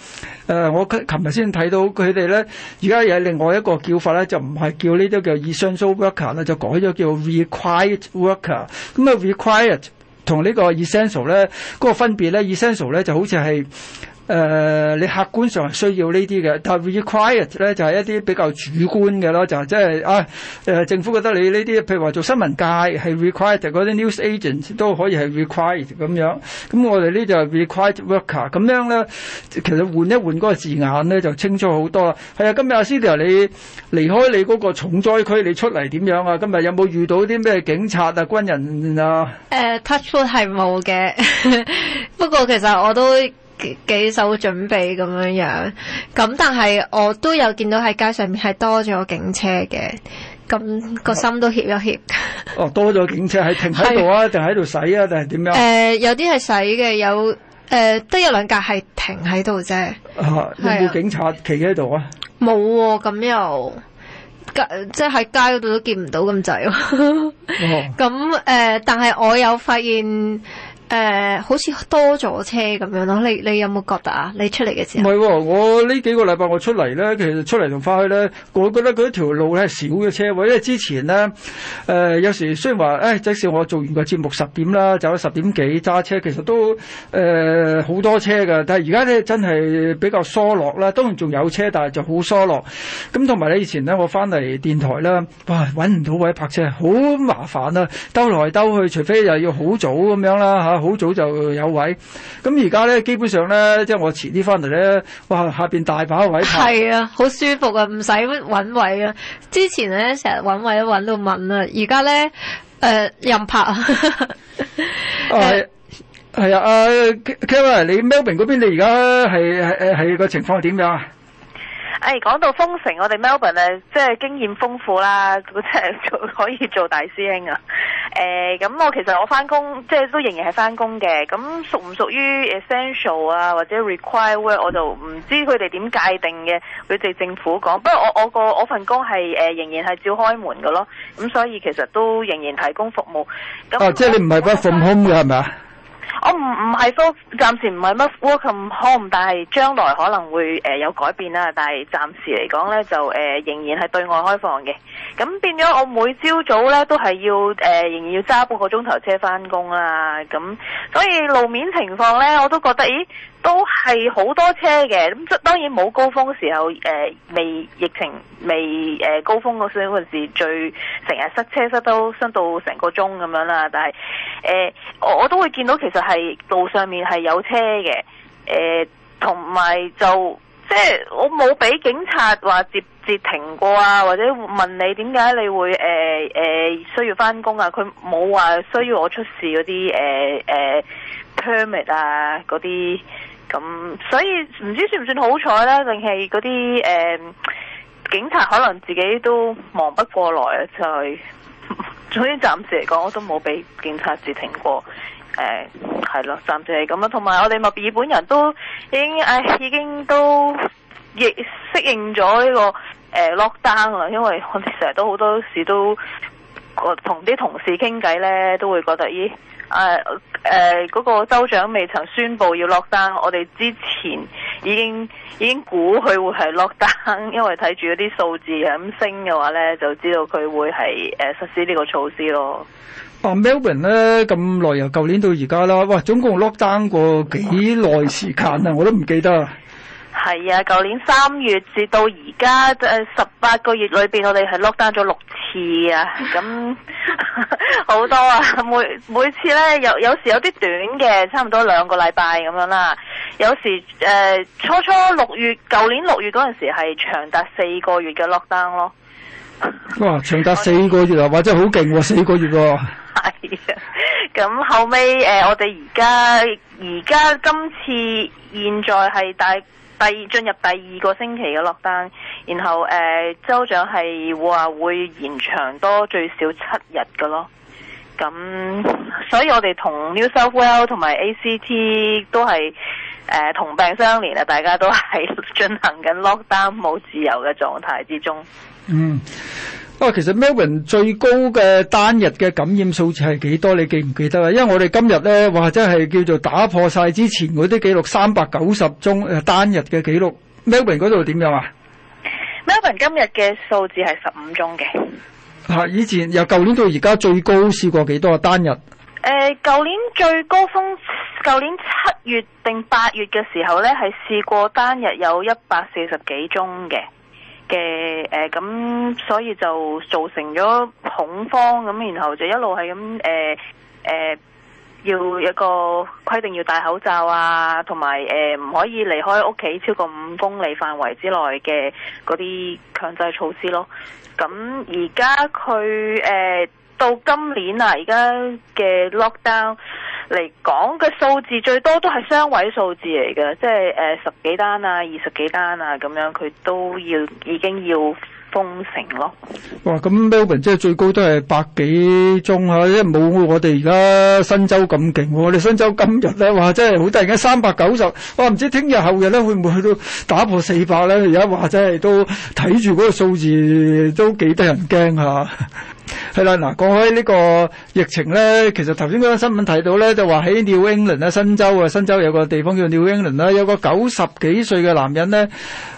A: 呃，我琴日先睇到佢哋咧，而家有另外一個叫法咧，就唔係叫呢啲叫 essential worker 呢，就改咗叫 required worker。咁啊，required 同呢個 essential 咧嗰、那個分別咧，essential 咧就好似係。誒、呃，你客觀上係需要呢啲嘅，但係 required 咧就係、是、一啲比較主觀嘅咯，就即、是、係啊、呃，政府覺得你呢啲，譬如話做新聞界係 required 嗰啲 news agent 都可以係 required 咁樣。咁、嗯、我哋呢就是 required worker 咁樣咧，其實換一換嗰個字眼咧就清楚好多啦。係啊，今日阿 Cindy 你離開你嗰個重災區，你出嚟點樣啊？今日有冇遇到啲咩警察啊、軍人啊？
C: 誒、呃、touch wood 係冇嘅， 不過其實我都。幾手準備咁樣樣，咁但係我都有見到喺街上面係多咗警車嘅，咁、個心都怯一怯、
A: 啊。哦，多咗警車係停喺度啊，定喺度洗啊，定係點樣？誒、呃，
C: 有啲係洗嘅，有誒，得、呃、有兩架係停喺度啫。
A: 有冇警察企喺度啊？
C: 冇喎、啊，咁、啊、又即係喺街嗰度都見唔到咁滯喎。咁、哦、誒、 呃，但係我有發現。誒、呃、好似多咗車咁樣咯，你你有冇覺得啊？你出嚟嘅時候
A: 唔係喎，我呢幾個禮拜我出嚟咧，其實出嚟同翻去咧，我覺得嗰條路咧係少嘅車位咧。因為之前咧誒、呃、有時雖然話、哎、即使我做完個節目十點啦，走咗十點幾揸車，其實都誒好、呃、多車㗎。但係而家咧真係比較疏落啦，當然仲有車，但係就好疏落。咁同埋咧以前咧我翻嚟電台啦，哇揾唔到位泊車，好麻煩啊，兜來兜去，除非又要好早咁樣啦、啊好早就有位，咁而家咧基本上咧，即係我遲啲翻嚟咧，哇下邊大把
D: 位。係啊，
C: 好舒服啊，唔使搵位啊。之前咧成日搵位都搵到問啊。而家咧誒任拍
D: 啊。
A: 係、呃、啊，啊， 啊，啊，啊 Kevin，你 Melbourne 嗰邊你而家係係係個情況係點樣啊？
H: 誒、哎，講到封城，我哋 Melbourne 咧，即係經驗豐富啦，即係就可以做大師兄啊！誒、哎，咁我其實我翻工，即係都仍然係翻工嘅。咁屬唔屬於 essential 啊，或者 require，where，我就唔知佢哋點界定嘅。佢哋政府講，不過我我個我份工係誒，仍然係照開門㗎咯。咁所以其實都仍然提供服務。即係你唔係不
A: 封空嘅係咪啊？
H: 我唔唔係，暫時唔係乜 work from home，但係將來可能會誒、呃、有改變啦。但係暫時嚟講呢，就誒、呃、仍然係對外開放嘅。咁變咗我每朝早呢都係要誒、呃、仍然要揸半個鐘頭車翻工啦。咁所以路面情況呢，我都覺得咦。都係好多車嘅，咁當然冇高峰時候，誒、呃、未疫情未誒、呃、高峰嗰時陣時，最成日塞車塞都塞到成個鐘咁樣啦。但係誒、呃，我都會見到其實係路上面係有車嘅，誒同埋就即係、就是、我冇俾警察話截截停過啊，或者問你點解你會誒誒、呃呃、需要翻工啊？佢冇話需要我出示嗰啲誒誒 permit 啊嗰啲。咁所以唔知算唔算好彩咧，定係嗰啲誒警察可能自己都忙不過來啊，就係、是、總之暫時嚟講我都冇俾警察截停過誒，係、呃、咯，暫時係咁啦。同埋我哋墨爾本人都已經誒、哎、已經都亦適應咗呢、這個誒、呃、lockdown 啦，因為我哋成日都好多事都同啲同事傾偈咧，都會覺得咦～、哎誒、啊、誒，嗰、呃、那個州長未曾宣布要落單，我哋之前已經已經估佢會係落單，因為睇住啲數字咁升嘅話咧，就知道佢會係誒、呃、實施呢個措施咯。
A: 啊，Melbourne 咧咁耐由舊年到而家啦，哇，總共落單過幾耐時間啊？我都唔記得。
H: 係啊，舊年三月至到而家誒十八個月裏邊，我哋係 lock down 咗六次啊，咁好 多啊。每每次咧有有時有啲短嘅，差唔多兩個禮拜咁樣啦、啊。有時誒、呃、初初六月舊年六月嗰陣時係長達四個月嘅 lock down
A: 咯。哇，長達四個月啊，哇、 啊，真係好勁喎，四個月。係啊，
H: 咁、啊、後尾誒、呃，我哋而家而家今次現在係大。第二進入第二個星期嘅 lockdown，然後誒、呃、州長係話會延長多最少七日嘅咯。咁所以我哋同 New South Wales 同埋 ACT 都係誒、呃、同病相憐啊，大家都係進行緊 lockdown 冇自由嘅狀態之中。
A: 嗯。不過，其實 Melbourne 最高嘅單日嘅感染數字係幾多？你記唔記得啊？因為我哋今日咧或者係叫做打破晒之前嗰啲記，記錄，三百九十宗誒單日嘅記錄。Melbourne 嗰度點樣啊？
H: Melbourne 今日嘅數字係十五宗嘅。
A: 嚇！以前由舊年到而家最高試過幾多單日？
H: 誒、呃，舊年最高峰，舊年七月定八月嘅時候咧，係試過單日有一百四十幾宗嘅。嘅誒咁，所以就造成咗恐慌咁，然後就一路係咁誒誒，要一個規定要戴口罩啊，同埋誒唔可以離開屋企超過五公里範圍之內嘅嗰啲強制措施咯。咁而家佢誒到今年啊，而家嘅 lockdown，嚟講嘅數字最多都係雙位數字嚟嘅，即係誒十幾單啊、二十幾單啊咁樣，佢都要已經要封城咯。
A: 哇！咁 Melbourne 即係最高都係百幾宗啊，因為冇我哋而家新州咁勁。我哋新州今日咧話真係好突然間三百九十，哇！唔知聽日後日咧會唔會去到打破四百咧？而家話真係都睇住嗰個數字都幾得人驚嚇。啊。係啦，嗱、啊，過去呢個疫情咧，其實頭先嗰個新聞睇到咧，就話喺 New England 啊、新州啊、新州有個地方叫 New England 啦，有個九十幾歲嘅男人呢，誒、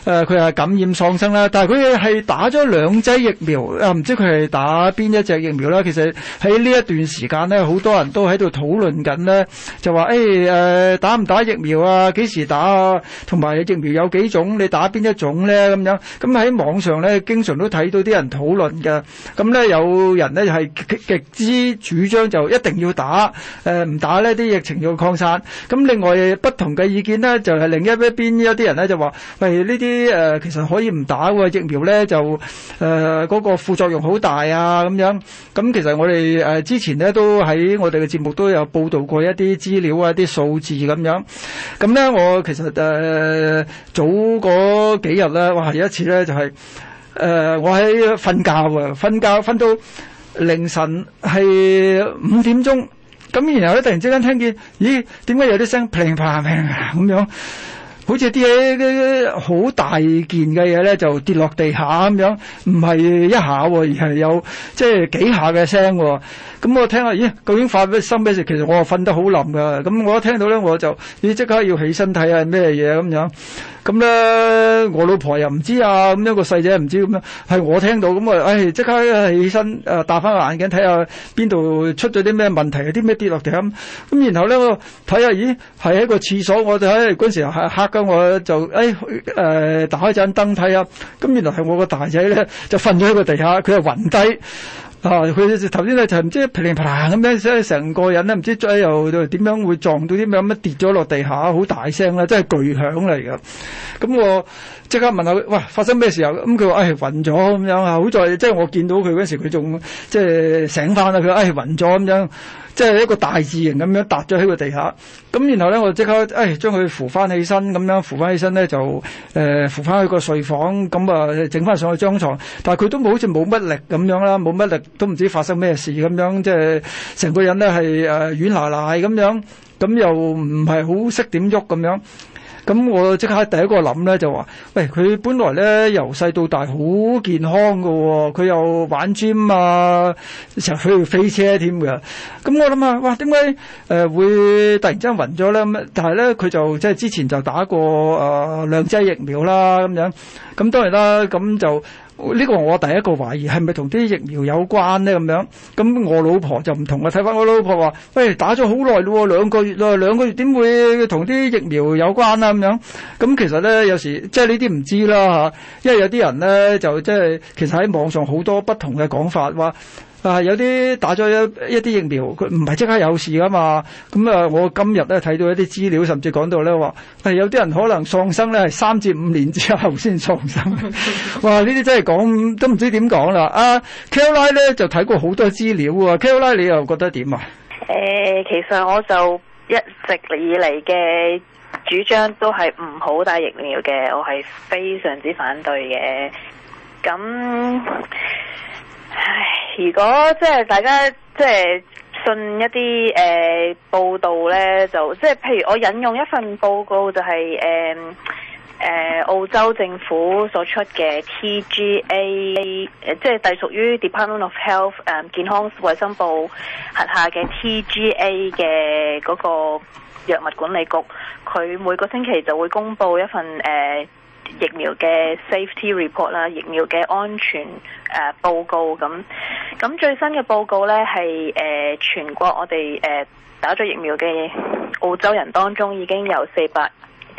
A: 呃，佢係感染喪生啦。但係佢係打咗兩劑疫苗，唔知佢係打邊一隻疫苗啦。其實喺呢一段時間呢，好多人都喺度討論緊呢，就話誒，誒、哎呃，打唔打疫苗啊？幾時打啊？同埋疫苗有幾種，你打邊一種咧？咁樣咁喺網上咧，經常都睇到啲人討論噶。咁咧有。人呢就係極、極之主張就一定要打，誒、呃、唔打呢啲疫情要擴散。咁另外不同嘅意見呢，就係、是、另一邊一啲人呢就話，喂，呢啲誒其實可以唔打喎，疫苗呢就誒嗰、呃那個副作用好大啊咁樣。咁其實我哋誒、呃、之前呢都喺我哋嘅節目都有報道過一啲資料啊、啲數字咁樣。咁呢，我其實誒、呃、早嗰幾日呢，哇有一次呢就係、是。誒、呃，我喺瞓覺啊，瞓覺瞓到凌晨係五點鐘，咁然後咧突然之間聽見，咦？點解有啲聲噼啪啪咁樣？好似啲嘢好大件嘅嘢咧，就跌落地下咁樣，唔係一下，而係有即係幾下嘅聲。咁、嗯、我聽下，咦？究竟發咩心咩事？其實我啊瞓得好冧噶。咁、嗯、我一聽到咧，我就咦即刻要起身睇下係咩嘢咁樣。咁咧我老婆又唔知啊，咁樣個細仔唔知咁樣。係、那個、我聽到咁啊，誒即刻起身打、呃、戴翻個眼鏡睇下邊度出咗啲咩問題，啲咩跌落地咁，咁然後咧睇下，咦，係喺個廁所。我哋喺嗰陣時候嚇我就誒、呃、打開一盞燈睇下。咁原來係我個大仔咧就瞓咗喺個地下，佢係暈低。啊！佢頭先咧就唔知一噼零啪啦咁樣，即係成個人咧唔知再又點樣會撞到啲咩咁啊？跌咗落地下，好大聲啦，真係巨響嚟㗎。咁我即刻問下佢：「喂，發生咩時候？咁佢話：「唉、哎，暈咗咁樣啊！好在即係我見到佢嗰時，佢仲即係醒翻啦。佢：「唉、哎，暈咗咁樣。即係一個大字形咁樣笪咗喺個地下，咁然後咧我即刻誒將佢扶翻起身，咁樣扶翻起身咧就誒、呃、扶翻去個睡房，咁啊整翻上去張牀。但係佢都冇好似冇乜力咁樣啦，冇乜力都唔知發生咩事咁樣，即係成個人咧係、呃、軟瀨瀨咁樣，咁又唔係好識點喐咁樣。咁我即刻第一個諗咧就話，喂，佢本來咧由細到大好健康噶喎，佢又玩 gym 啊，成日去飛車添嘅。咁我諗啊，哇，點解誒會突然之間暈咗咧？咁但係咧，佢就即係之前就打過誒兩劑疫苗啦，咁樣。咁當然啦，咁就。呢個我第一個懷疑係咪同啲疫苗有關呢？咁樣？咁我老婆就唔同啊！睇翻我老婆話：喂，打咗好耐咯，兩個月咯，兩個月點會同啲疫苗有關啊？咁樣，咁其實咧，有時即係呢啲唔知啦嚇，因為有啲人咧就即係其實喺網上好多不同嘅講法話。啊！有啲打咗一一啲疫苗，佢唔係即刻有事噶嘛？咁啊，我今日咧睇到一啲資料，甚至講到咧話，係有啲人可能喪生咧，係三至五年之後先喪生。 哇！啊 Kailai，呢啲真係講都唔知點講啦。阿 k e l i Kailai 咧就睇過好多資料喎，Kailai，你又覺得點啊？
H: 誒，其實我就一直以嚟嘅主張都係唔好打疫苗嘅，我係非常之反對嘅。咁。唉，如果即係大家即係信一啲誒、呃、報道咧，就即係譬如我引用一份報告就係誒誒澳洲政府所出嘅 TGA，、呃、即係隸屬於 Department of Health、呃、健康衛生部轄下嘅 TGA 嘅嗰個藥物管理局，佢每個星期就會公布一份誒。呃疫苗嘅 safety report 啦，疫苗嘅安全誒、呃、報告咁，咁最新嘅報告咧，係誒全國我哋誒、呃、打咗疫苗嘅澳洲人當中已經有四百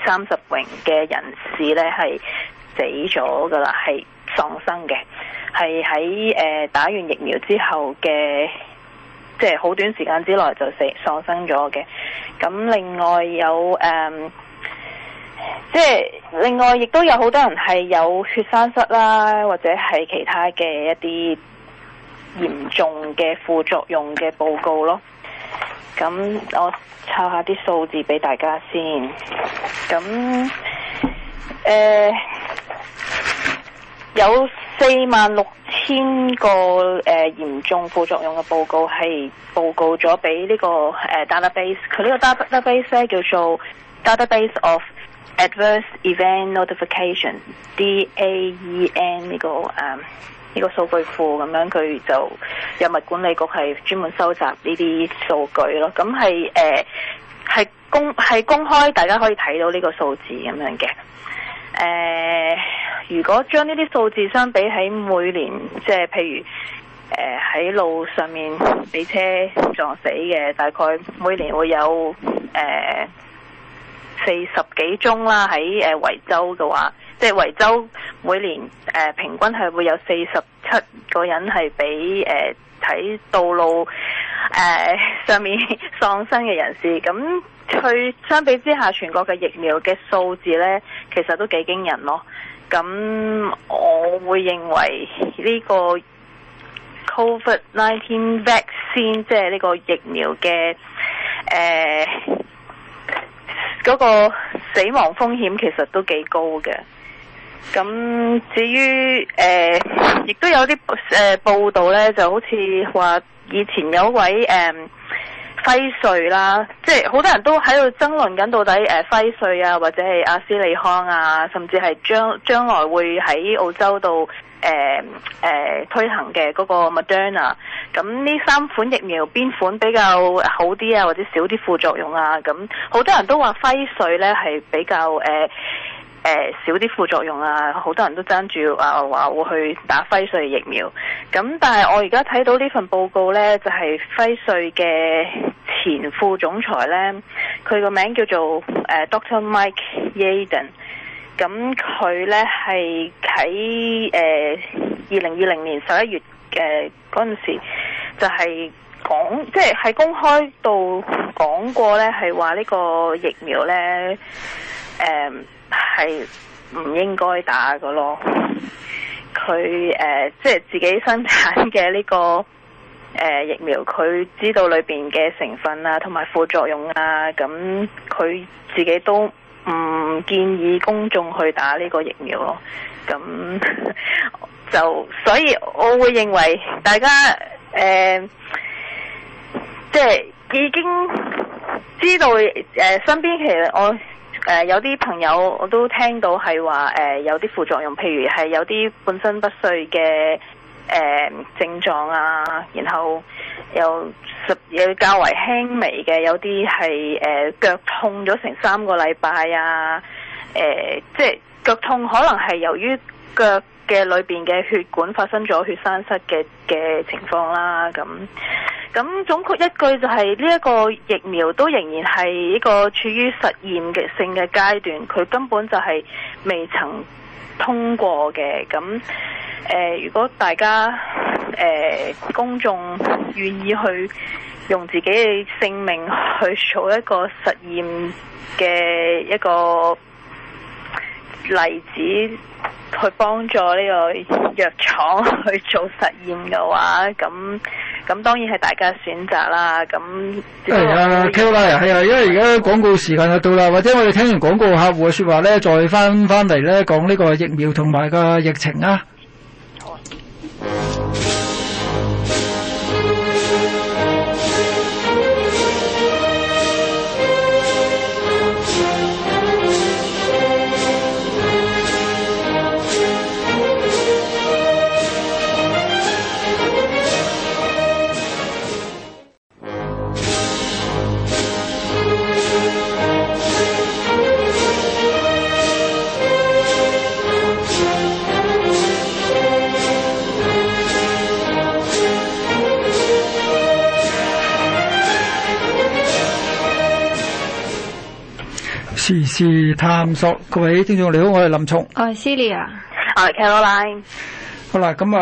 H: 三十名嘅人士咧，係死咗噶啦，係喪生嘅，係喺誒打完疫苗之後嘅，即係好短時間之內就死喪生咗嘅。咁另外有誒。呃即係另外，亦都有好多人係有血栓塞啦，或者係其他嘅一啲嚴重嘅副作用嘅報告咯。咁我抄下啲數字俾大家先。咁誒、呃、有四萬六千個誒呃、嚴重副作用嘅報告係報告咗俾呢個誒、呃、database，佢呢個 database 咧叫做 database of。Adverse Event Notification，D A E N 呢，這個誒呢、um 這個數據庫咁樣，佢就藥物管理局係專門收集呢啲數據咯。咁係誒係公係公開，大家可以睇到呢個數字咁樣嘅。誒、呃，如果將呢啲數字相比喺每年，即、就、係、是、譬如誒喺、呃、路上面俾車撞死嘅，大概每年會有誒。呃四十幾宗啦，喺誒維州嘅話，即係維州每年平均係會有四十七個人係俾誒喺道路、呃、上面 喪生嘅人士。咁佢相比之下，全國嘅疫苗嘅數字呢，其實都幾驚人咯。咁我會認為呢個 COVID-19 vaccine，即係呢個疫苗嘅誒嗰個死亡風險其實都幾高嘅，咁至於、呃、亦都有啲、呃、報道咧，就好似話以前有一位、呃輝瑞啦，即係好多人都喺度爭論緊到底誒、呃、輝瑞啊，或者係阿斯利康啊，甚至係將，將來會喺澳洲度誒、呃呃、推行嘅嗰個 Moderna。咁呢三款疫苗邊款比較好啲啊，或者少啲副作用啊？咁好多人都話輝瑞呢係比較誒。呃誒、呃、少啲副作用啊！好多人都爭住啊話會去打輝瑞疫苗。咁但係我而家睇到呢份報告呢，就係、是、輝瑞嘅前副總裁呢，佢個名叫做、呃、Dr. Mike Yeadon。咁佢呢係喺誒二零二零年十一月嘅嗰陣時就，就係講，即係喺公開度講過呢，係話呢個疫苗呢。呃係唔應該打嘅咯，佢、誒、呃，即係自己生產嘅呢、這個誒、呃、疫苗，佢知道裏邊嘅成分啊，同埋副作用啊，咁佢自己都唔建議公眾去打呢個疫苗咯。咁就所以我會認為大家誒、呃，即係已經知道誒、呃，身邊其實我。誒、呃，有啲朋友我都聽到係話，誒、呃、有啲副作用，譬如係有啲半身不遂嘅、呃、症狀啊，然後又有較為輕微嘅，有啲係腳痛咗成三個禮拜啊，誒、呃、即係腳痛可能係由於腳。嘅裏邊嘅血管發生咗血栓塞嘅嘅情況啦，咁咁總括一句就係呢一個疫苗都仍然係一個處於實驗嘅性嘅階段，佢根本就係未曾通過嘅。咁誒、呃，如果大家誒、呃、公眾願意去用自己嘅性命去做一個實驗嘅一個。例子去幫助呢個藥廠去做實驗嘅話，咁咁當然係大家選擇啦。咁
D: 係啊 OK 啦係啊，因為而家廣告
A: 時間就到啦，或者我哋聽完廣告客戶嘅說話咧，再翻翻嚟咧講呢個疫苗同埋個疫情啊。時事探索，各位聽眾你好，我係林松，我係 Celia，我係 Caroline。好啦，咁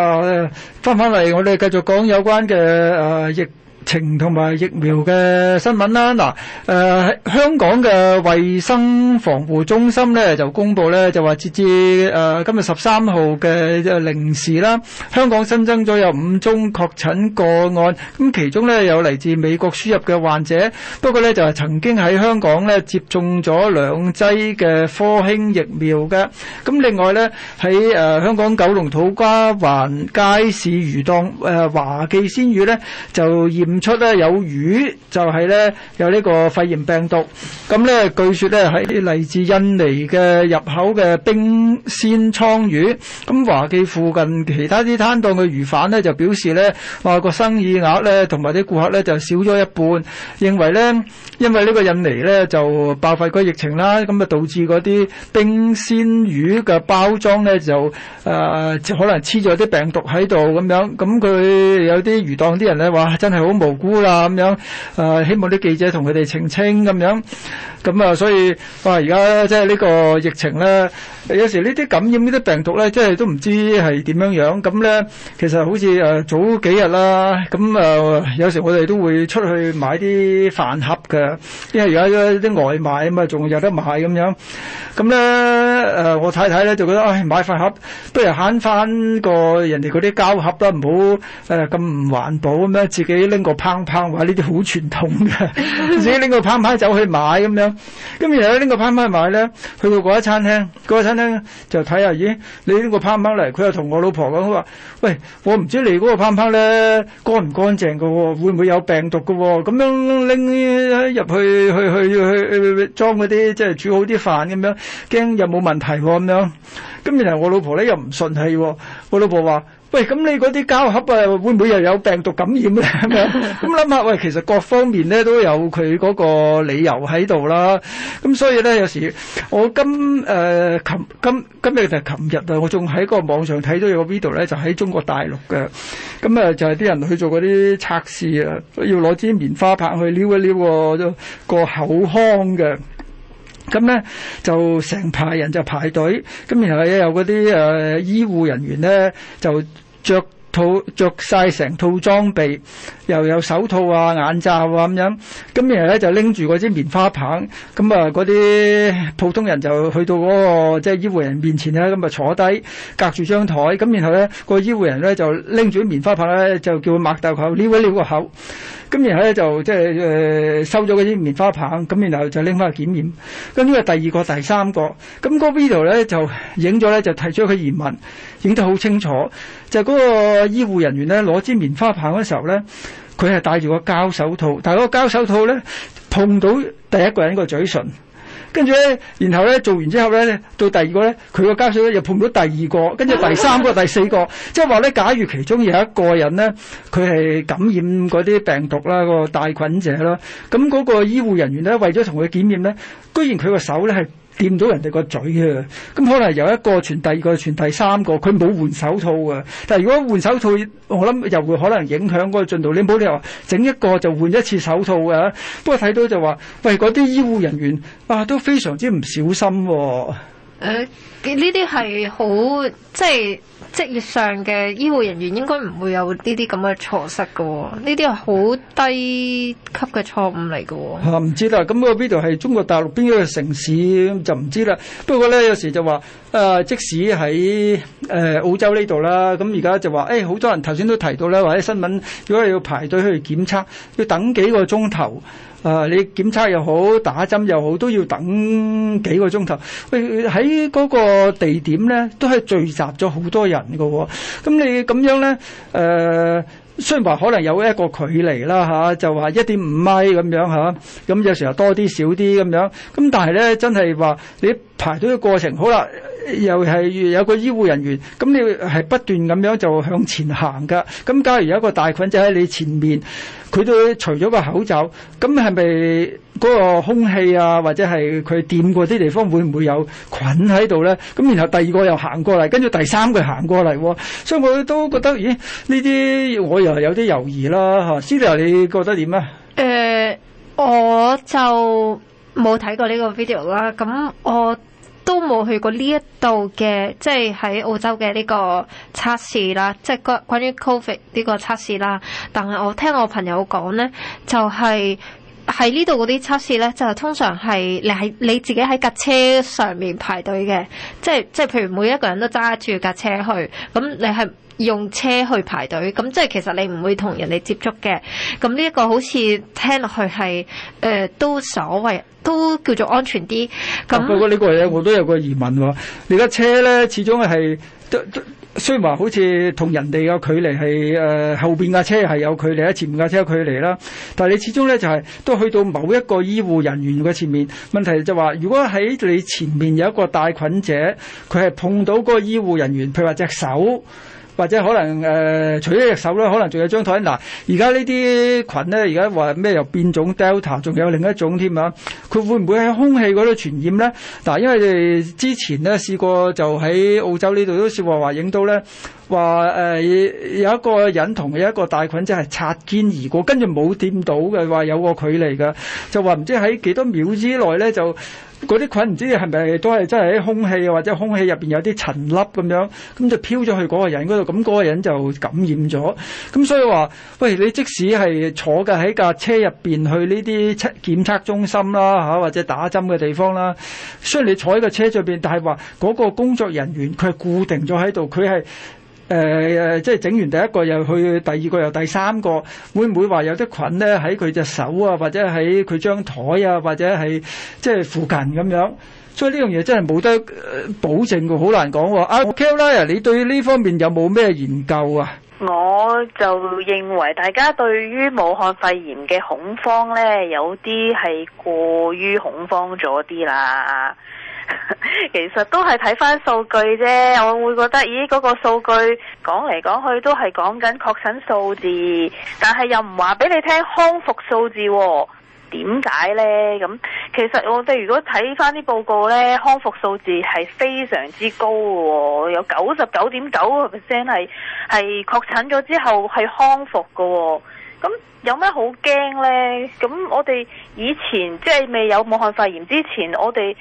A: 啊翻返嚟，我哋繼續講有關嘅誒疫。情同埋疫苗嘅新聞啦，嗱，誒香港嘅衛生防護中心咧就公布咧，就話截至誒今日十三號嘅零時啦，香港新增咗有五宗確診個案，咁其中咧有嚟自美國輸入嘅患者，不過咧就係曾經喺香港咧接種咗兩劑嘅科興疫苗嘅，咁另外咧喺誒香港九龍土瓜灣街市魚檔誒華記鮮魚咧就驗。唔出咧有魚就係、是、咧有呢個肺炎病毒，咁咧據說咧係嚟自印尼嘅入口嘅冰鮮倉魚，咁華記附近其他啲攤檔嘅魚販咧就表示咧話個生意額咧同埋啲顧客咧就少咗一半，認為咧因為呢個印尼咧就爆發過疫情啦，咁啊導致嗰啲冰鮮魚嘅包裝咧就誒、呃、可能黐咗啲病毒喺度咁樣，咁佢有啲魚檔啲人咧話真係好。無辜啦咁樣，誒希望啲記者同佢哋澄清咁樣，咁啊所以哇而家即係呢個疫情咧，有時呢啲感染呢啲病毒咧，即係都唔知係點樣樣咁咧。其實好似誒早幾日啦，咁誒有時我哋都會出去買啲飯盒嘅，因為而家啲外賣啊嘛，仲有得買咁樣。咁咧誒我太太咧就覺得，唉買飯盒不如慳翻個人哋嗰啲膠盒啦，唔好誒咁唔環保咁樣，自己拎個。個烹烹話呢啲好傳統嘅，自己拎個烹烹走去買咁樣，咁然後拎個烹烹買咧，去到嗰一餐廳，嗰個餐廳就睇下咦，你拎個烹烹嚟，佢又同我老婆講佢話，喂，我唔知你嗰個烹烹咧乾唔乾淨噶、哦，會唔會有病毒噶、哦，咁樣拎入去去去去，去裝嗰啲即係煮好啲飯咁樣，驚有冇問題咁、哦、樣，咁然後我老婆咧又唔順氣、哦，我老婆話。喂，咁你嗰啲膠盒啊，會唔會又有病毒感染咧？咁樣咁諗下，喂，其實各方面咧都有佢嗰個理由喺度啦。咁所以咧，有時我今誒琴、呃、今今，今日就琴日啊，我仲喺個網上睇到有個 video 咧，就喺、是、中國大陸嘅。咁啊，就係啲人去做嗰啲測試啊，要攞支棉花棒去撩一撩個、啊、口腔嘅。咁咧就成排人就排隊，咁然後又有嗰啲誒醫護人員咧就著套著曬成套裝備，又有手套啊、眼罩啊咁樣，咁然後咧就拎住嗰支棉花棒，咁啊嗰啲普通人就去到嗰個即係醫護人面前咧，咁啊坐低隔住張台，咁然後咧個醫護人咧就拎住啲棉花棒咧，就叫佢擘大口，撩一撩個口，咁然後咧就即係誒收咗嗰支棉花棒，咁然後就拎翻去檢驗，咁呢個第二個、第三個，咁嗰 video 咧就影咗咧就提出佢疑問，影得好清楚，就嗰個。個醫護人員咧攞支棉花棒嘅時候咧，佢係戴住個膠手套，但係嗰個膠手套咧碰到第一個人個嘴唇，跟住咧，然後咧做完之後咧，到第二個咧，佢個膠手套又碰到第二個，跟住第三個、第四個，即係話咧，假如其中有一個人咧，佢係感染嗰啲病毒啦，個帶菌者啦，咁嗰個醫護人員咧，為咗同佢檢驗咧，居然佢個手咧係。掂到人哋個嘴啊！咁可能有一個傳第二個，傳第三個，佢冇換手套啊！但係如果換手套，我諗又會可能影響嗰個進度。你冇理由整一個就換一次手套啊。不過睇到就話，喂，嗰啲醫護人員啊都非常之唔小心
C: 喎。誒，呢啲係好即係。職業上嘅醫護人員應該唔會有呢啲咁嘅錯失㗎喎，呢啲係好低級嘅錯誤嚟㗎喎。
A: 吓，唔知啦，咁嗰邊度係中國大陸邊一個城市就唔知啦。不過咧，有時就話，誒、啊，即使喺誒、呃、澳洲呢度啦，咁而家就話，誒、欸，好多人頭先都提到咧，或者新聞，如果要排隊去檢測，要等幾個鐘頭。誒、啊，你檢測又好，打針又好，都要等幾個鐘頭。喂，喺嗰個地點呢，都係聚集咗好多人噶喎、哦。咁你咁樣呢，誒、呃，雖然話可能有一個距離啦，啊、就話一點五米咁樣嚇。咁、啊、有時候多啲少啲咁樣。咁但係呢，真係話你排隊嘅過程，好啦，又係有個醫護人員，咁你係不斷咁樣就向前行噶。咁假如有一個大菌仔喺你前面。佢都除咗個口罩，咁係咪嗰個空氣啊，或者係佢掂過啲地方會唔會有菌喺度咧？咁然後第二個又行過嚟，跟住第三個行過嚟、哦，所以我都覺得，嗯、咦？呢啲我又有啲猶豫啦嚇。Cleo 你覺得點啊？
C: 誒、呃，我就冇睇過呢個 video 啦。咁我。都冇去過呢一度嘅，即係喺澳洲嘅呢個測試啦，即係關關於 Covid 呢個測試啦。但係我聽我朋友講呢，就係喺呢度嗰啲測試呢，就係、通常係你喺你自己喺架車上面排隊嘅，即係即係譬如每一個人都揸住架車去，咁你係。用車去排隊咁，即係其實你唔會同人哋接觸嘅。咁呢一個好似聽落去係誒、呃、都所謂都叫做安全啲咁。不、啊、過你
A: 個嘢我都有個疑問喎，你架車咧始終係都都雖然話好似同人哋嘅距離係誒、呃、後面架車係有距離啦，前面架車有距離啦，但係你始終咧就係、是、都去到某一個醫護人員嘅前面。問題就話如果喺你前面有一個帶菌者，佢係碰到個醫護人員，譬如話隻手。或者可能誒，除、呃、咗隻手咧，可能仲有張台。嗱、啊，而家呢啲菌咧，而家話咩又變種 Delta，仲有另一種添啊！佢會唔會喺空氣嗰度傳染咧？嗱、啊，因為之前咧試過就喺澳洲試過呢度都試過話話影到咧，話誒、呃、有一個人同有一個帶菌者係擦肩而過，跟住冇掂到嘅，話有個距離㗎，就話唔知喺幾多秒之內咧就。嗰啲菌唔知係咪都係真係喺空氣啊，或者空氣入邊有啲塵粒咁樣，咁就漂咗去嗰個人嗰度，咁嗰個人就感染咗。咁所以話，喂，你即使係坐嘅喺架車入邊去呢啲測檢測中心啦，嚇或者打針嘅地方啦，雖然你坐喺個車上邊，但係話嗰個工作人員佢係固定咗喺度，佢係。誒、呃、即係整完第一個又去第二個又第三個，會唔會話有啲菌呢？喺佢隻手啊，或者喺佢張台啊，或者係即係附近咁樣？所以呢樣嘢真係冇得保證，好難講喎。啊，Kelly，你對呢方面有冇咩研究啊？
H: 我就認為大家對於武漢肺炎嘅恐慌呢，有啲係過於恐慌咗啲啦。其實都係睇翻數據啫，我會覺得，咦，嗰個數據講嚟講去都係講緊確診數字，但係又唔話俾你聽康復數字喎，點解呢？咁其實我哋如果睇翻啲報告呢，康復數字係非常之高喎，有九十九點九個 percent 係係確診咗之後係康復噶喎，咁有咩好驚呢？咁我哋以前即係未有武漢肺炎之前，我哋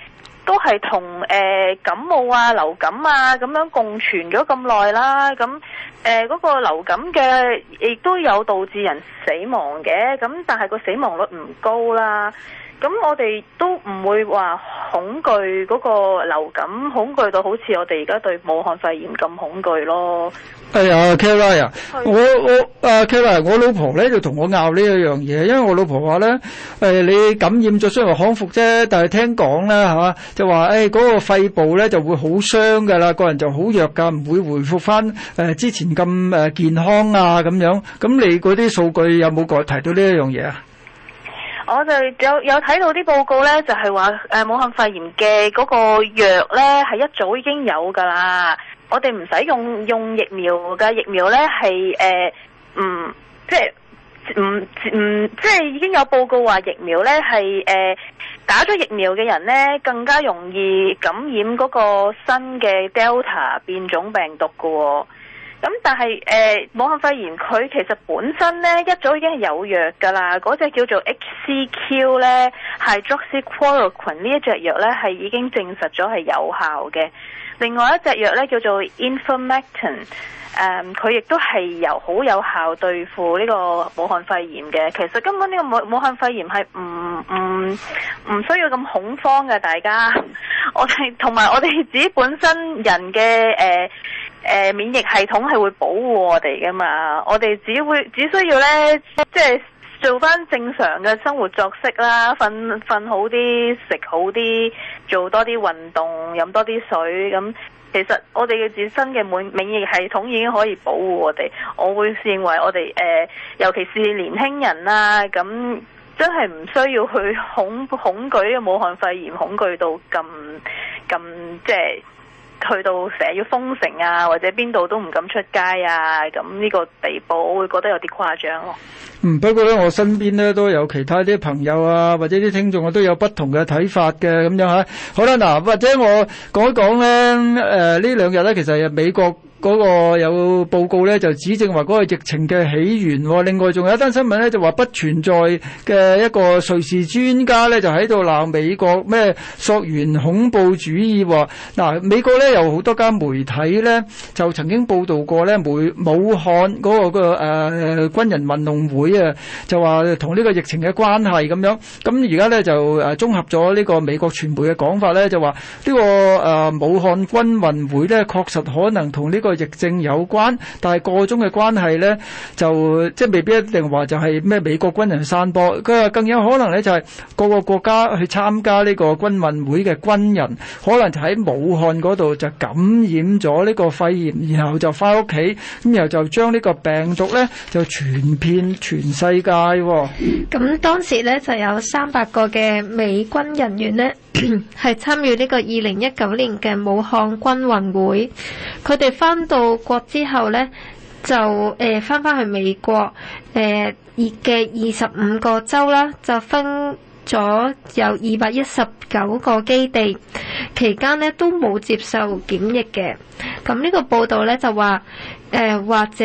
H: 都係同誒感冒啊、流感啊咁樣共存咗咁耐啦，咁誒，嗰、呃個流感嘅亦都有導致人死亡嘅，咁但係個死亡率唔高啦。咁我哋都唔會話恐懼嗰個流感，恐懼到好似我哋而家對武漢肺炎咁恐懼咯。
D: 係啊，Kelly 啊，我我啊 Kelly，我老婆咧
A: 就同我拗呢一樣嘢，因為我老婆話咧，誒你感染咗雖然話康復啫，但係聽講咧吓，就話誒嗰個肺部咧就會好傷噶啦，個人就好弱噶，唔會回復翻誒之前咁誒健康啊咁樣。咁你嗰啲數據有冇提到呢一樣嘢啊？
H: 我就有有睇到啲報告呢，就係話誒，武漢肺炎嘅嗰個藥呢，係一早已經有㗎啦。我哋唔使用用疫苗嘅疫苗呢，係誒，嗯，即係唔唔，即係已經有報告話疫苗呢係誒，打咗疫苗嘅人呢更加容易感染嗰個新嘅 Delta 變種病毒㗎喎。咁、嗯、但係，誒、呃，武漢肺炎佢其實本身咧一早已經係有藥㗎啦，嗰隻叫做 HCQ 咧，係 Hydroxychloroquine 呢一隻藥咧係已經證實咗係有效嘅。另外一隻藥咧叫做 Ivermectin 誒，佢亦都係由好有效對付呢個武漢肺炎嘅。其實根本呢個武武漢肺炎係唔唔唔需要咁恐慌嘅，大家。我哋同埋我哋自己本身人嘅誒。呃誒、呃，免疫系統係會保護我哋㗎嘛？我哋只會只需要呢，即係做返正常嘅生活作息啦，瞓瞓好啲，食好啲，做多啲運動，飲多啲水。咁、嗯、其實我哋嘅自身嘅免免疫系統已經可以保護我哋。我會認為我哋誒、呃，尤其是年輕人啦、啊，咁、嗯、真係唔需要去恐恐懼嘅武漢肺炎恐懼，恐懼到咁咁即係。去到成日要封城啊，或者邊度都唔敢出街啊，咁呢個地步，我會覺得有啲誇張咯、啊。
A: 嗯，不過咧，我身邊咧都有其他啲朋友啊，或者啲聽眾啊，都有不同嘅睇法嘅咁樣吓。好啦，嗱，或者我講一講咧，誒、呃、呢兩日咧，其實美國。嗰、那個有報告咧，就指證話個個疫情嘅起源、哦。另外仲有一單新聞咧，就話不存在嘅一個瑞士專家咧，就喺度鬧美國咩溯源恐怖主義、哦。嗱、啊，美國咧有好多間媒體咧，就曾經報道過咧，梅武漢嗰、那個、那個軍、呃、軍人運動會啊，就話同呢個疫情嘅關係咁樣。咁而家咧就誒綜合咗呢個美國傳媒嘅講法咧，就話呢、這個誒、呃、武漢軍運會咧，確實可能同呢、這個個疫症有關，但係個中嘅關係呢，就即係未必一定話就係咩美國軍人散播。佢話更有可能呢，就係各個國家去參加呢個軍運會嘅軍人，可能就喺武漢嗰度就感染咗呢個肺炎，然後就返屋企，咁然後就將呢個病毒呢就傳遍全世界。咁
C: 當時呢就有三百個嘅美軍人員呢係參與呢個二零一九年嘅武漢軍運會，佢哋返到國之後呢，就誒翻翻去美國誒熱嘅二十五個州啦，就分咗有二百一十九個基地，期間呢都冇接受檢疫嘅。咁呢個報道呢，就話誒、呃、或者。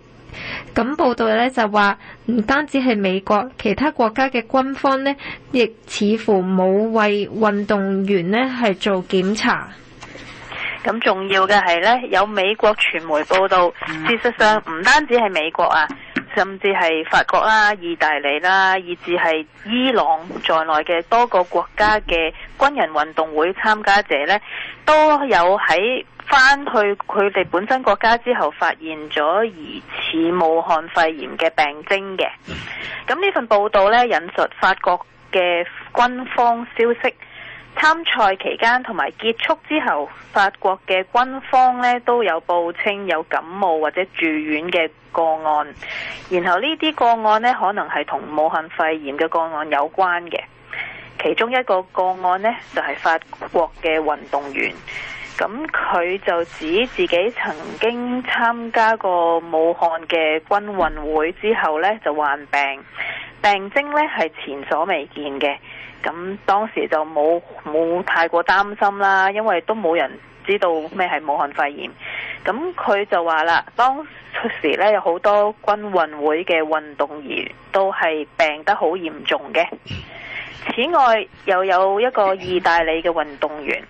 C: 咁報道咧就話，唔單止係美國，其他國家嘅軍方呢，亦似乎冇為運動員呢係做檢查。
H: 咁重要嘅係呢，有美國傳媒報道，事實上唔單止係美國啊，甚至係法國啦、意大利啦，以至係伊朗在內嘅多個國家嘅軍人運動會參加者呢，都有喺返去佢哋本身國家之後，發現咗疑似武漢肺炎嘅病徵嘅。咁呢份報道呢，引述法國嘅軍方消息，參賽期間同埋結束之後，法國嘅軍方呢都有報稱有感冒或者住院嘅個案。然後呢啲個案呢，可能係同武漢肺炎嘅個案有關嘅。其中一個個案呢，就係法國嘅運動員。咁佢就指自己曾經參加過武漢嘅軍運會之後呢，就患病，病徵呢係前所未見嘅。咁當時就冇冇太過擔心啦，因為都冇人知道咩係武漢肺炎。咁佢就話啦，當時呢，有好多軍運會嘅運動員都係病得好嚴重嘅。此外，又有一個意大利嘅運動員。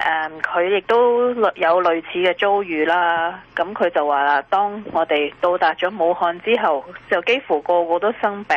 H: 誒、嗯，佢亦都有類似嘅遭遇啦。咁佢就話啦，當我哋到達咗武漢之後，就幾乎個個都生病。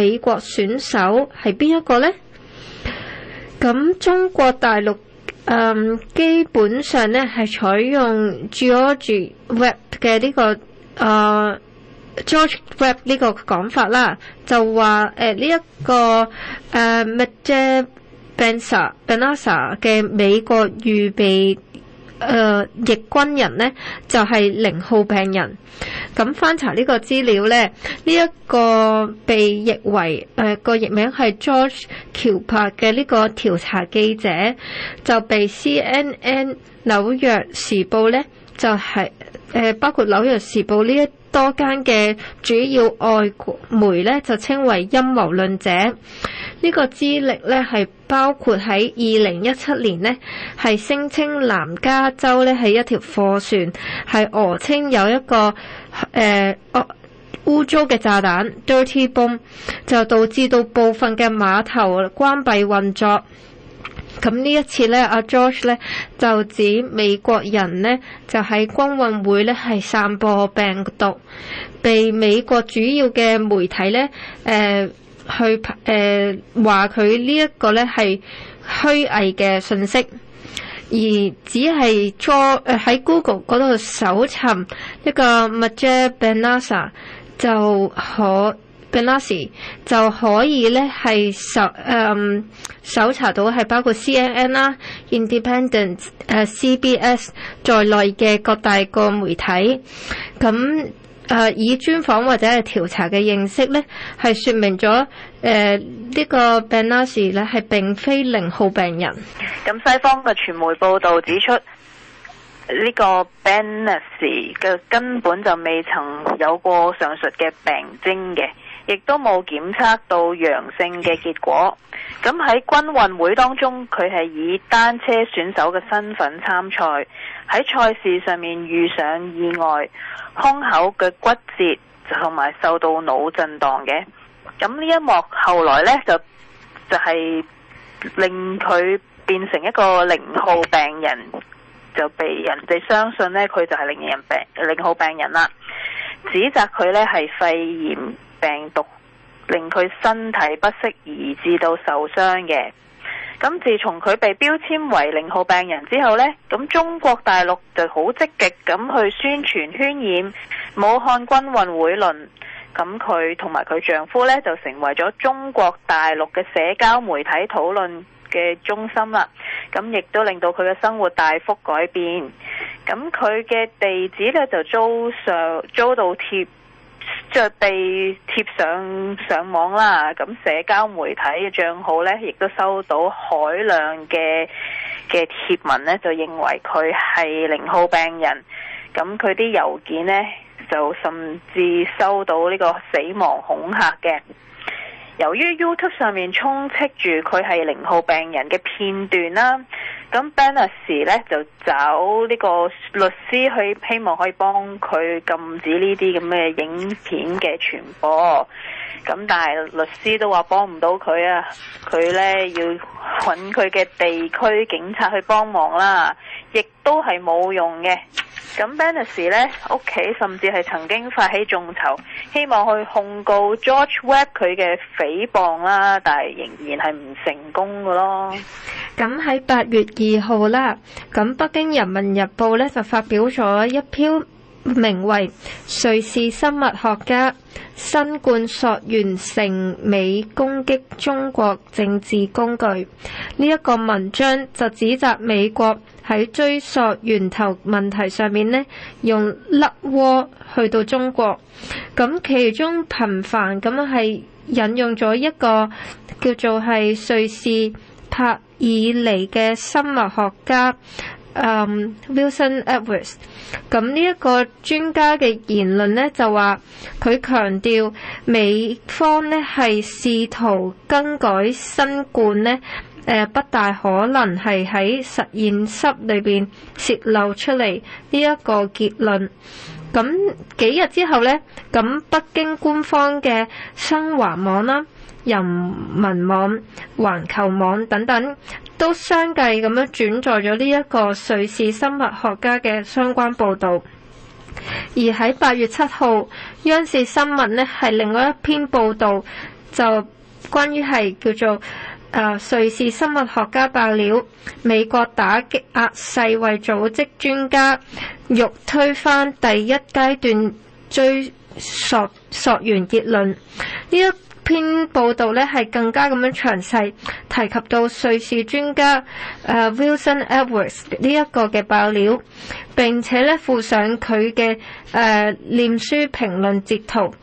C: 美國選手係邊一個咧？咁中國大陸誒、嗯、基本上咧係採用 George Webb 嘅呢、這個誒、呃、George Webb 呢個講法啦，就話誒呢一個誒、呃、Matt Benza Benasa 嘅美國預備呃，役軍人呢，就係、是、零號病人，咁翻查呢個資料咧，呢、這、一個被譯為個、呃、譯名係 George u 喬柏嘅呢個調查記者就被 CNN 紐約時報呢，就係、是呃、包括紐約時報呢一多間嘅主要外媒呢，就稱為陰謀論者。呢、這個資歷呢，係包括喺二零一七年呢，係聲稱南加州呢係一條貨船係訛稱有一個誒污污糟嘅炸彈 dirty bomb 就導致到部分嘅碼頭關閉運作。咁呢一次呢，阿、啊、George 呢，就指美國人呢，就喺軍運會呢係散播病毒，被美國主要嘅媒體呢。呃去誒話佢呢一個咧係虛偽嘅信息，而只係喺、呃、Google 嗰度搜尋一個 Majer Benasa 就可 Benassi 就可以咧係搜誒、嗯、搜查到係包括 CNN 啦、Independent、呃、CBS 在內嘅各大個媒體，咁。誒、呃、以專訪或者係調查嘅認識咧，係說明咗誒呢個 Benassi 咧係並非零號病人。
H: 咁西方嘅傳媒報道指出，呢個 Benassi 嘅根本就未曾有過上述嘅病徵嘅。亦都冇檢測到陽性嘅結果。咁喺軍運會當中，佢係以單車選手嘅身份參賽，喺賽事上面遇上意外，胸口嘅骨折同埋受到腦震盪嘅。咁呢一幕後來呢，就就係令佢變成一個零號病人，就被人哋相信呢，佢就係零人病零號病人啦，指責佢呢係肺炎，病毒令佢身體不適，而至到受傷嘅。咁，自從佢被標籤為零號病人之後呢，咁中國大陸就好積極咁去宣傳渲染武漢軍運會論。咁佢同埋佢丈夫呢，就成為咗中國大陸嘅社交媒體討論嘅中心啦。咁亦都令到佢嘅生活大幅改變。咁佢嘅地址呢，就租上租到貼。着地貼上上網啦，咁社交媒體嘅賬號呢，亦都收到海量嘅嘅貼文呢就認為佢係零號病人。咁佢啲郵件呢，就甚至收到呢個死亡恐吓嘅。由於 YouTube 上面充斥住佢係零號病人嘅片段啦。咁 Bennis 咧就找呢個律師去，希望可以幫佢禁止呢啲咁嘅影片嘅傳播。咁但係律師都話幫唔到佢啊，佢咧要揾佢嘅地區警察去幫忙啦，亦都係冇用嘅。咁 Benetts 咧屋企甚至係曾經發起眾籌，希望去控告 George Webb 佢嘅誹謗啦，但係仍然係唔成功
C: 噶咯。咁喺八月二號啦，咁北京人民日報咧就發表咗一篇。名為瑞士生物學家新冠溯源成美攻擊中國政治工具呢一個文章，就指責美國喺追索源頭問題上面呢，用甩鍋去到中國，咁其中頻繁咁係引用咗一個叫做係瑞士柏爾尼嘅生物學家。嗯、um，Wilson Edwards 咁，呢一個專家嘅言論咧，就話佢強調美方咧，係試圖更改新冠咧，誒不大可能係喺實驗室裏邊洩漏出嚟，呢一個結論。咁幾日之後咧，咁北京官方嘅新華網啦。人民網、環球網等等都相繼咁樣轉載咗呢一個瑞士生物學家嘅相關報導。而喺八月七號，央視新聞呢係另外一篇報導，就關於係叫做、啊、瑞士生物學家爆料，美國打擊壓世衛組織專家欲推翻第一階段追索溯源結論呢一篇報導咧係更加咁樣詳細提及到瑞士專家、uh, Wilson Edwards 呢一個嘅爆料，並且咧附上佢嘅誒臉書評論截圖。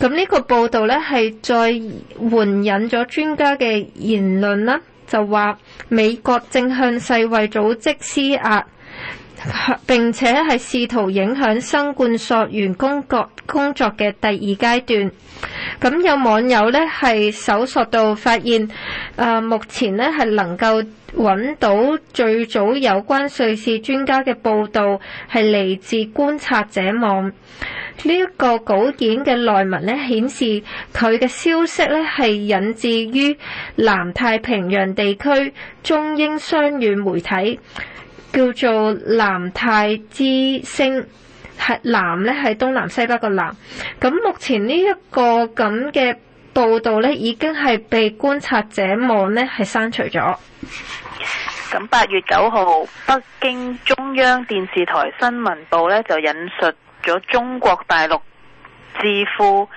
C: 咁呢個報導咧係再援引咗專家嘅言論啦，就話美國正向世衛組織施壓。並且係試圖影響新冠溯源工作工作嘅第二階段。咁有網友呢係搜索到發現，誒目前呢係能夠揾到最早有關瑞士專家嘅報導係嚟自觀察者網，呢個稿件嘅內文呢顯示佢嘅消息呢係引自於南太平洋地區中英雙語媒體。叫做南太之星，係南呢，係東南西北個南。咁目前呢一個咁嘅報道呢，已經係被觀察者網呢，係刪除咗。
H: 咁八月九號，北京中央電視台新聞部呢，就引述咗中國大陸智庫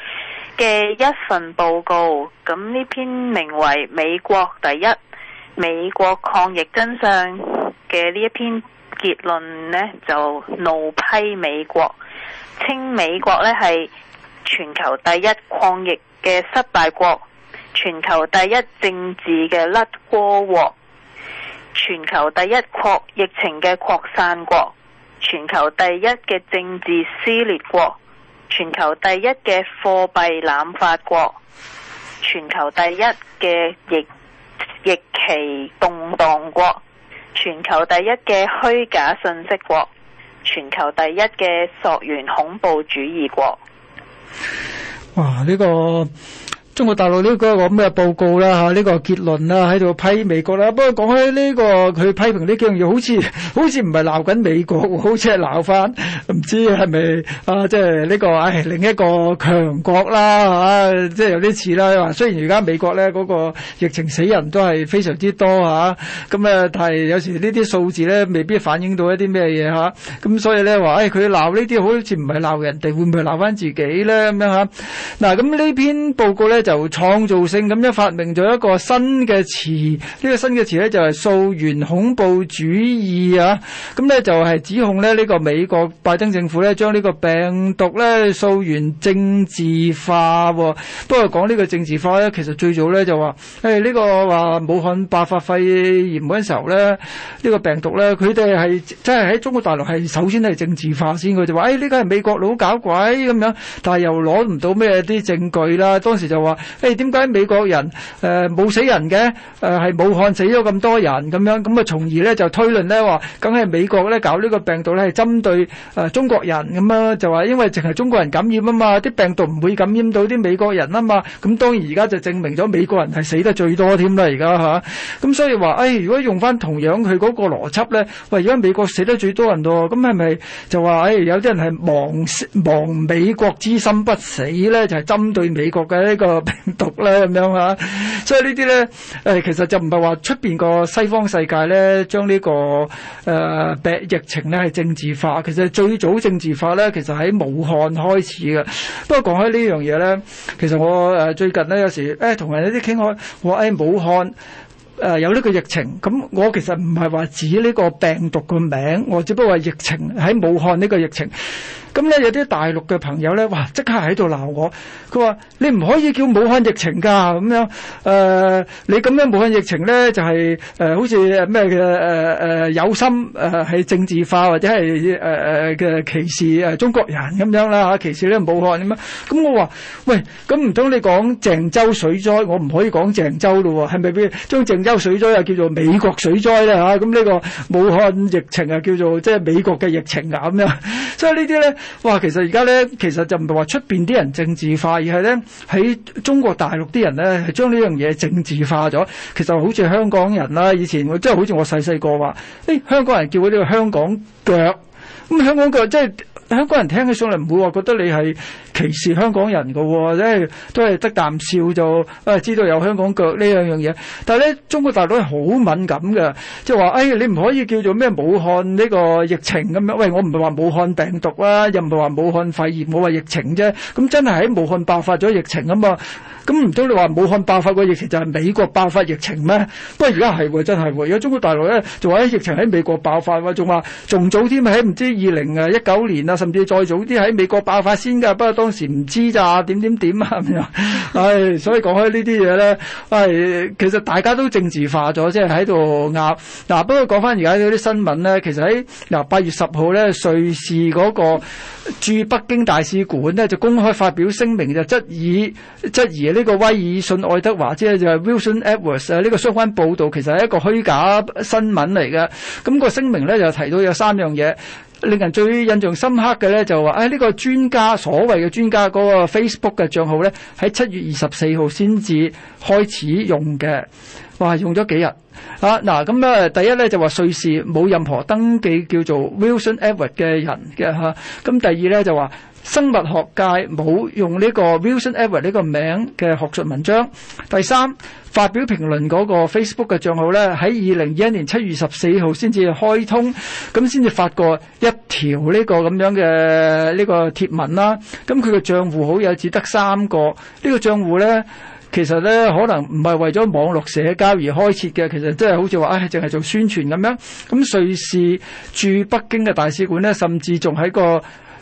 H: 嘅一份報告。咁呢篇名為《美國第一：美國抗疫真相》。嘅呢一篇結論呢，就怒批美國，稱美國呢係全球第一抗疫嘅失敗國，全球第一政治嘅甩鍋國，全球第一擴疫情嘅擴散國，全球第一嘅政治撕裂國，全球第一嘅貨幣濫發國，全球第一嘅疫疫期動盪國。全球第一嘅虛假信息國，全球第一嘅溯源恐怖主義國。
A: 哇！呢、這個～中國大陸呢個咁嘅報告啦，吓、這、呢個結論啦，喺度批美國啦。不過講起呢、這個，佢批評呢樣嘢，好似好似唔係鬧緊美國，好似係鬧翻，唔知係咪啊？即係呢、這個，唉、哎，另一個強國啦，吓、啊，即係有啲似啦。話雖然而家美國咧嗰、那個疫情死人都係非常之多吓，咁啊，但係有時呢啲數字咧未必反映到一啲咩嘢吓，咁、啊、所以咧話，唉，佢鬧呢啲好似唔係鬧人哋，會唔會鬧翻自己咧？咁樣吓，嗱，咁呢篇報告咧。就創造性咁一發明咗一個新嘅詞，呢個新嘅詞咧就係溯源恐怖主義啊！咁咧就係指控咧呢個美國拜登政府咧將呢個病毒咧溯源政治化。不過講呢個政治化咧，其實最早咧就話誒呢個話武漢爆發肺炎嗰陣時候咧，呢個病毒咧佢哋係真係喺中國大陸係首先係政治化先，佢就話誒呢個係美國佬搞鬼咁樣，但係又攞唔到咩啲證據啦。當時就話。誒、哎，點解美國人誒冇、呃、死人嘅？誒、呃、係武漢死咗咁多人咁樣，咁啊，從而咧就推論呢話，梗係美國咧搞呢個病毒咧係針對誒、呃、中國人咁啊，就話因為淨係中國人感染啊嘛，啲病毒唔會感染到啲美國人啊嘛，咁當然而家就證明咗美國人係死得最多添啦，而家吓，咁所以話，誒、哎、如果用翻同樣佢嗰個邏輯咧，喂，而家美國死得最多人咯，咁係咪就話誒、哎、有啲人係亡亡美國之心不死咧，就係、是、針對美國嘅呢、這個？病毒咧咁樣嚇，所以呢啲咧其實就唔係話出面個西方世界咧，將呢、呢個誒病、呃、疫情咧係政治化。其實最早政治化咧，其實喺武漢開始嘅。不過講開呢樣嘢咧，其實我最近咧有時誒同、哎、人一啲傾開話喺武漢、呃、有呢個疫情。咁我其實唔係話指呢個病毒個名，我只不過係疫情喺武漢呢個疫情。咁咧有啲大陸嘅朋友咧，哇即刻喺度鬧我，佢話你唔可以叫武漢疫情㗎咁樣，誒、呃、你咁樣武漢疫情咧就係誒、呃、好似咩嘅誒有心誒、呃、係政治化或者係誒嘅歧視中國人咁樣啦、啊、歧視呢武漢咁樣。咁我話喂，咁唔通你講鄭州水災，我唔可以講鄭州咯喎？係咪俾將鄭州水災又叫做美國水災咧嚇？咁呢、啊、個武漢疫情啊叫做即係美國嘅疫情啊咁樣？所以呢啲咧。哇！其實而家咧，其實就唔係話出面啲人政治化，而係咧喺中國大陸啲人咧係將呢樣嘢政治化咗。其實好似香港人啦，以前真係、即係、好似我細細個話，咦、哎，香港人叫佢呢個香港腳，咁、嗯、香港腳即係。香港人聽起上嚟唔會話覺得你係歧視香港人噶，即係、哎、都係得啖笑就誒、啊、知道有香港腳呢樣樣嘢。但係咧，中國大陸係好敏感嘅，即係話誒你唔可以叫做咩武漢呢個疫情咁樣。喂，我唔係話武漢病毒啦、啊，又唔係話武漢肺炎，冇話疫情啫。咁真係喺武漢爆發咗疫情啊嘛。咁唔通你話武漢爆發個疫，、啊、疫情就係美國爆發疫情咩？不過而家係喎，真係喎。而家中國大陸咧仲話啲疫情喺美國爆發仲話仲早添啊，喺唔知二零啊一九年啊。甚至再早啲喺美國爆發先㗎，不過當時唔知咋，點點點啊咁樣。唉，所以講開呢啲嘢咧，其實大家都政治化咗，即係喺度壓。嗱、啊，不過講翻而家呢啲新聞咧，其實喺嗱八月十號咧，瑞士嗰個駐北京大使館咧就公開發表聲明，就質疑質疑呢個威爾信愛德華，即係就係、是、Wilson Edwards 啊，呢個相關報導其實係一個虛假新聞嚟嘅。咁、那個聲明咧就提到有三樣嘢。令人最印象深刻嘅咧，就話誒呢個專家，所謂嘅專家嗰個 Facebook 嘅賬號咧，喺七月二十四號先至開始用嘅。哇！用咗幾日啊？嗱咁咧，第一咧就話瑞士冇任何登記叫做 Wilson Edwards 嘅人嘅咁、啊、第二咧就話生物學界冇用呢個 Wilson Edwards 呢個名嘅學術文章。第三，發表評論嗰個 Facebook 嘅賬號咧，喺二零二一年七月十四號先至開通，咁先至發過一條呢個咁樣嘅呢、呢個貼文啦。咁佢嘅賬戶好友只得三個，呢個、帳呢個賬戶咧。其實咧，可能唔係為咗網絡社交而開設嘅，其實真係好似話，唉、哎，淨係做宣傳咁樣。咁瑞士駐北京嘅大使館呢，甚至仲喺個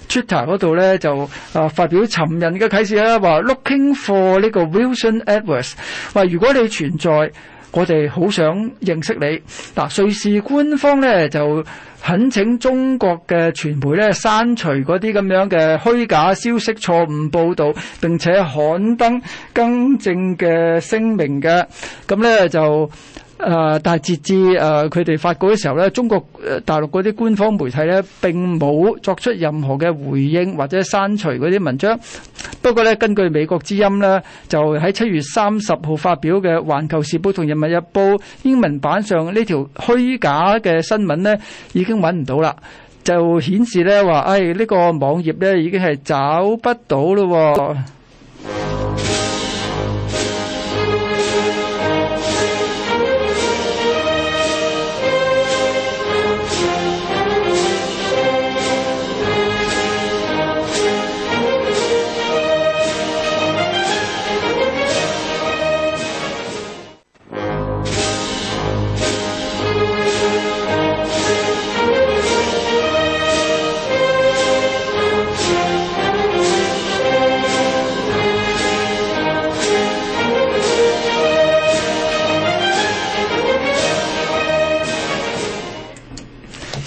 A: Twitter 嗰度呢，就啊發表尋人嘅啟示啦，話 looking for 呢個 Wilson Edwards，話如果你存在。我哋好想認識你嗱，瑞士官方呢就懇請中國嘅傳媒呢刪除嗰啲咁樣嘅虛假消息、錯誤報導，並且刊登更正嘅聲明嘅咁呢就。誒、呃，但係截至誒佢哋發稿嘅時候咧，中國大陸嗰啲官方媒體咧並冇作出任何嘅回應或者刪除嗰啲文章。不過咧，根據美國之音呢就喺七月三十號發表嘅《環球時報》同《人民日報》英文版上呢條虛假嘅新聞咧，已經揾唔到啦。就顯示呢話，誒、哎、呢、呢個網頁咧已經係找不到咯喎。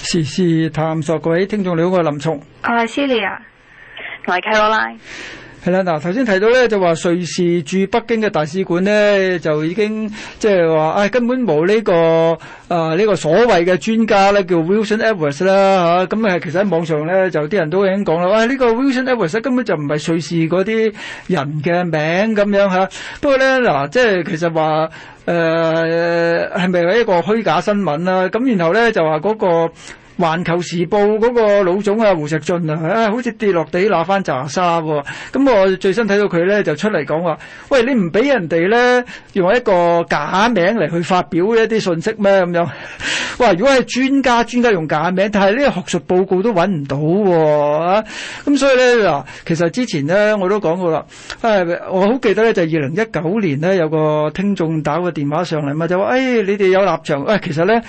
A: 時事探索，各位聽眾，你好，我係林松，
H: 我係 Celia，我係凱羅拉。
A: 係啦，嗱頭先提到咧就話瑞士駐北京嘅大使館咧就已經即係話，唉、就是哎、根本冇呢、這個呢、呃這個所謂嘅專家咧叫 Wilson Edwards 啦咁啊、嗯、其實喺網上咧就啲人都已經講啦，喂、哎這個、呢個 Wilson Edwards 根本就唔係瑞士嗰啲人嘅名咁樣嚇、啊。不過咧嗱，即、啊、係、就是、其實話係咪一個虛假新聞啦、啊？咁、嗯、然後咧就話嗰、那個。環球時報嗰個老總啊胡錫進啊，好似跌落地攞翻拃沙喎、啊！咁我最新睇到佢咧就出嚟講話，喂，你唔俾人哋咧用一個假名嚟去發表一啲信息咩？咁樣，哇！如果係專家專家用假名，但係呢個學術報告都揾唔到喎、啊，啊！咁所以咧嗱，其實之前咧我都講過啦、哎，我好記得咧就係二零一九年呢，有個聽眾打個電話上嚟嘛，就話，哎，你哋有立場？喂、哎，其實咧。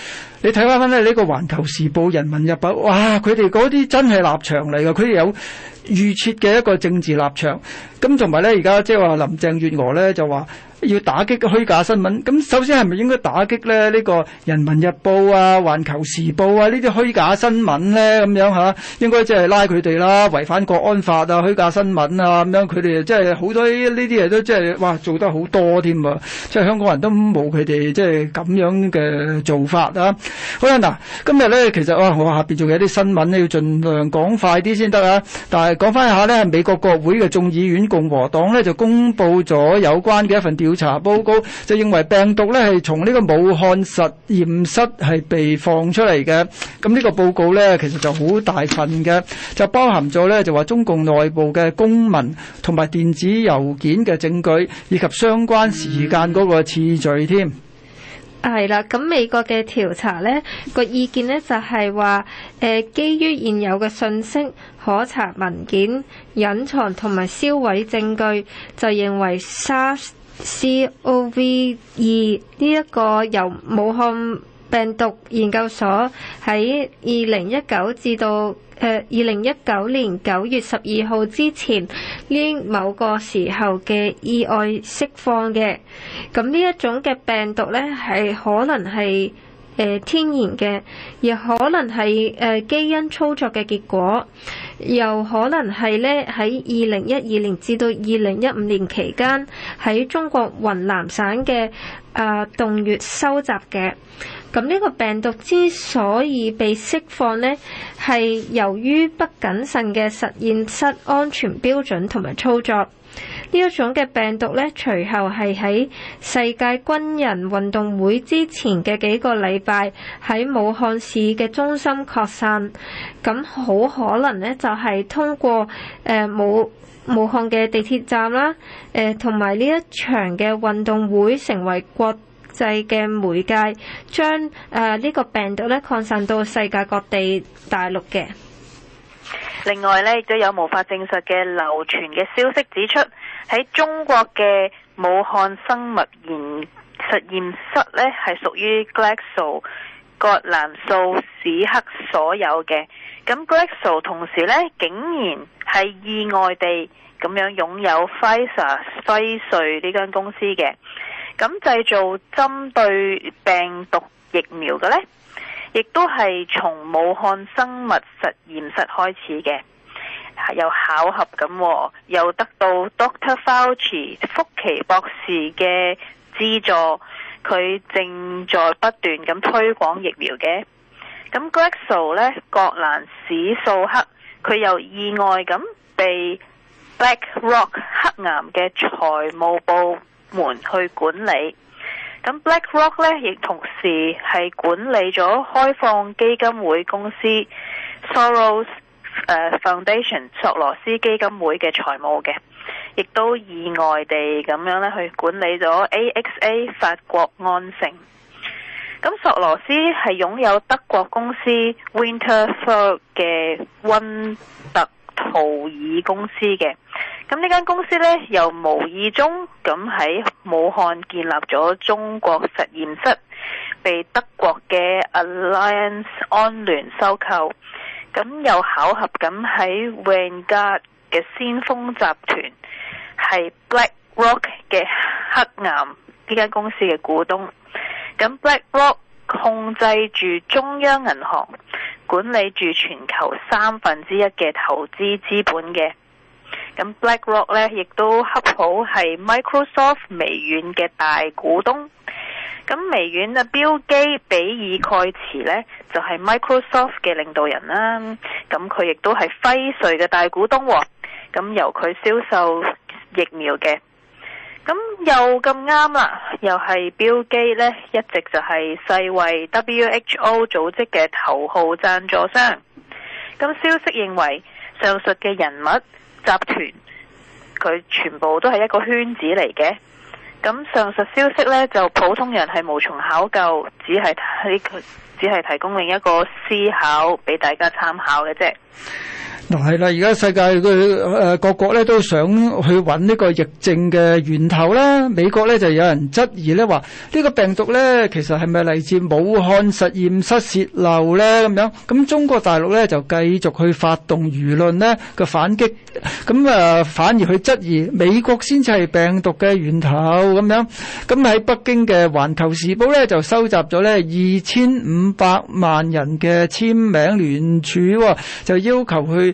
A: 你睇翻翻咧呢個《環球時報》《人民日報》，哇！佢哋嗰啲真係立場嚟㗎，佢哋有預設嘅一個政治立場。咁同埋咧，而家即係話林鄭月娥咧就話，要打擊虛假新聞，咁首先係咪應該打擊咧？呢個《人民日報》啊，《環球時報》啊，呢啲虛假新聞咧，咁樣嚇，應該即係拉佢哋啦，違反國安法啊，虛假新聞啊，咁樣佢哋即係好多呢啲嘢都即係哇做得好多添啊！即係香港人都冇佢哋即係咁樣嘅做法啊。好啦，嗱，今日咧其實啊，我下邊仲有啲新聞呢，要儘量講快啲先得啊。但係講翻一下呢，美國國會嘅眾議院共和黨呢，就公布咗有關嘅一份調調查報告就認為病毒呢係從呢個武漢實驗室係被放出嚟嘅。咁呢個報告呢，其實就好大份嘅，就包含咗呢，就話中共內部嘅公民同埋電子郵件嘅證據，以及相關時間嗰個次序。添
C: 係啦，咁、嗯、美國嘅調查呢，個意見呢，就係話，誒，基於現有嘅信息可查文件隱藏同埋銷毀證據，就認為、SARS C O V 二，呢一個由武漢病毒研究所喺二零一九至到誒二零一九年九月十二號之前呢某個時候嘅意外釋放嘅，咁呢一種嘅病毒呢，係可能係誒天然嘅，亦可能係誒基因操作嘅結果。又可能係咧，喺二零一二年至到二零一五年期間喺中國雲南省嘅啊洞穴收集嘅，咁呢個病毒之所以被釋放呢，係由於不謹慎嘅實驗室安全標準同埋操作。呢一種嘅病毒咧，隨後係喺世界軍人運動會之前嘅幾個禮拜喺武漢市嘅中心擴散。咁好可能咧就係通過、呃、武，武漢嘅地鐵站啦，同埋呢一場嘅運動會成為國際嘅媒介，將誒呢、呃這個病毒咧擴散到世界各地大陸嘅。
H: 另外咧，亦都有無法證實嘅流傳嘅消息指出，喺中國嘅武漢生物研實驗室咧係屬於 Glaxo、是屬於 Glaxo，葛蘭素史克所有嘅。咁 Glaxo 同時咧竟然係意外地咁樣擁有 Pfizer、輝瑞呢間公司嘅，咁製造針對病毒疫苗嘅呢？亦都係從武漢生物實驗室開始嘅，又巧合咁，又得到 Doctor Fauci 福奇博士嘅資助，佢正在不斷咁推廣疫苗嘅。咁 Grexel 咧，葛蘭素史克，佢又意外咁被 Black Rock 黑岩嘅財務部門去管理。咁 BlackRock 咧，亦同時係管理咗開放基金會公司 Soros 呃 Foundation 索羅斯基金會嘅財務嘅，亦都意外地咁樣咧去管理咗 AXA 法國安盛。咁索羅斯係擁有德國公司 Winterthur 嘅溫特圖爾公司嘅。咁呢間公司呢，又無意中咁喺武漢建立咗中國實驗室，被德國嘅 Alliance 安聯收購。咁又巧合咁喺 Vanguard 嘅先鋒集團係 BlackRock 嘅黑岩呢間公司嘅股東。咁 BlackRock 控制住中央銀行，管理住全球三分之一嘅投資資本嘅。咁 BlackRock 咧，亦都恰好係 Microsoft 微軟嘅大股東。咁微軟嘅 Bill Gates 比爾蓋茨咧，就係、是、Microsoft 嘅領導人啦、啊。咁佢亦都係輝瑞嘅大股東、啊。咁由佢銷售疫苗嘅。咁又咁啱啦，又係 Bill Gates 咧，一直就係世衛 WHO 組織嘅頭號贊助商。咁消息認為上述嘅人物，集團佢全部都係一個圈子嚟嘅，咁上述消息呢，就普通人係無從考究，只係呢個只係提供另一個思考俾大家參考嘅啫。
A: 係啦，而家世界嘅誒各國咧都想去搵呢個疫症嘅源頭啦。美國咧就有人質疑咧話，呢個病毒咧其實係咪嚟自武漢實驗室洩漏咧咁樣？咁中國大陸咧就繼續去發動輿論呢嘅反擊，咁啊反而去質疑美國先至係病毒嘅源頭咁樣。咁喺北京嘅《環球時報》咧就收集咗咧二千五百萬人嘅簽名聯署，就要求去。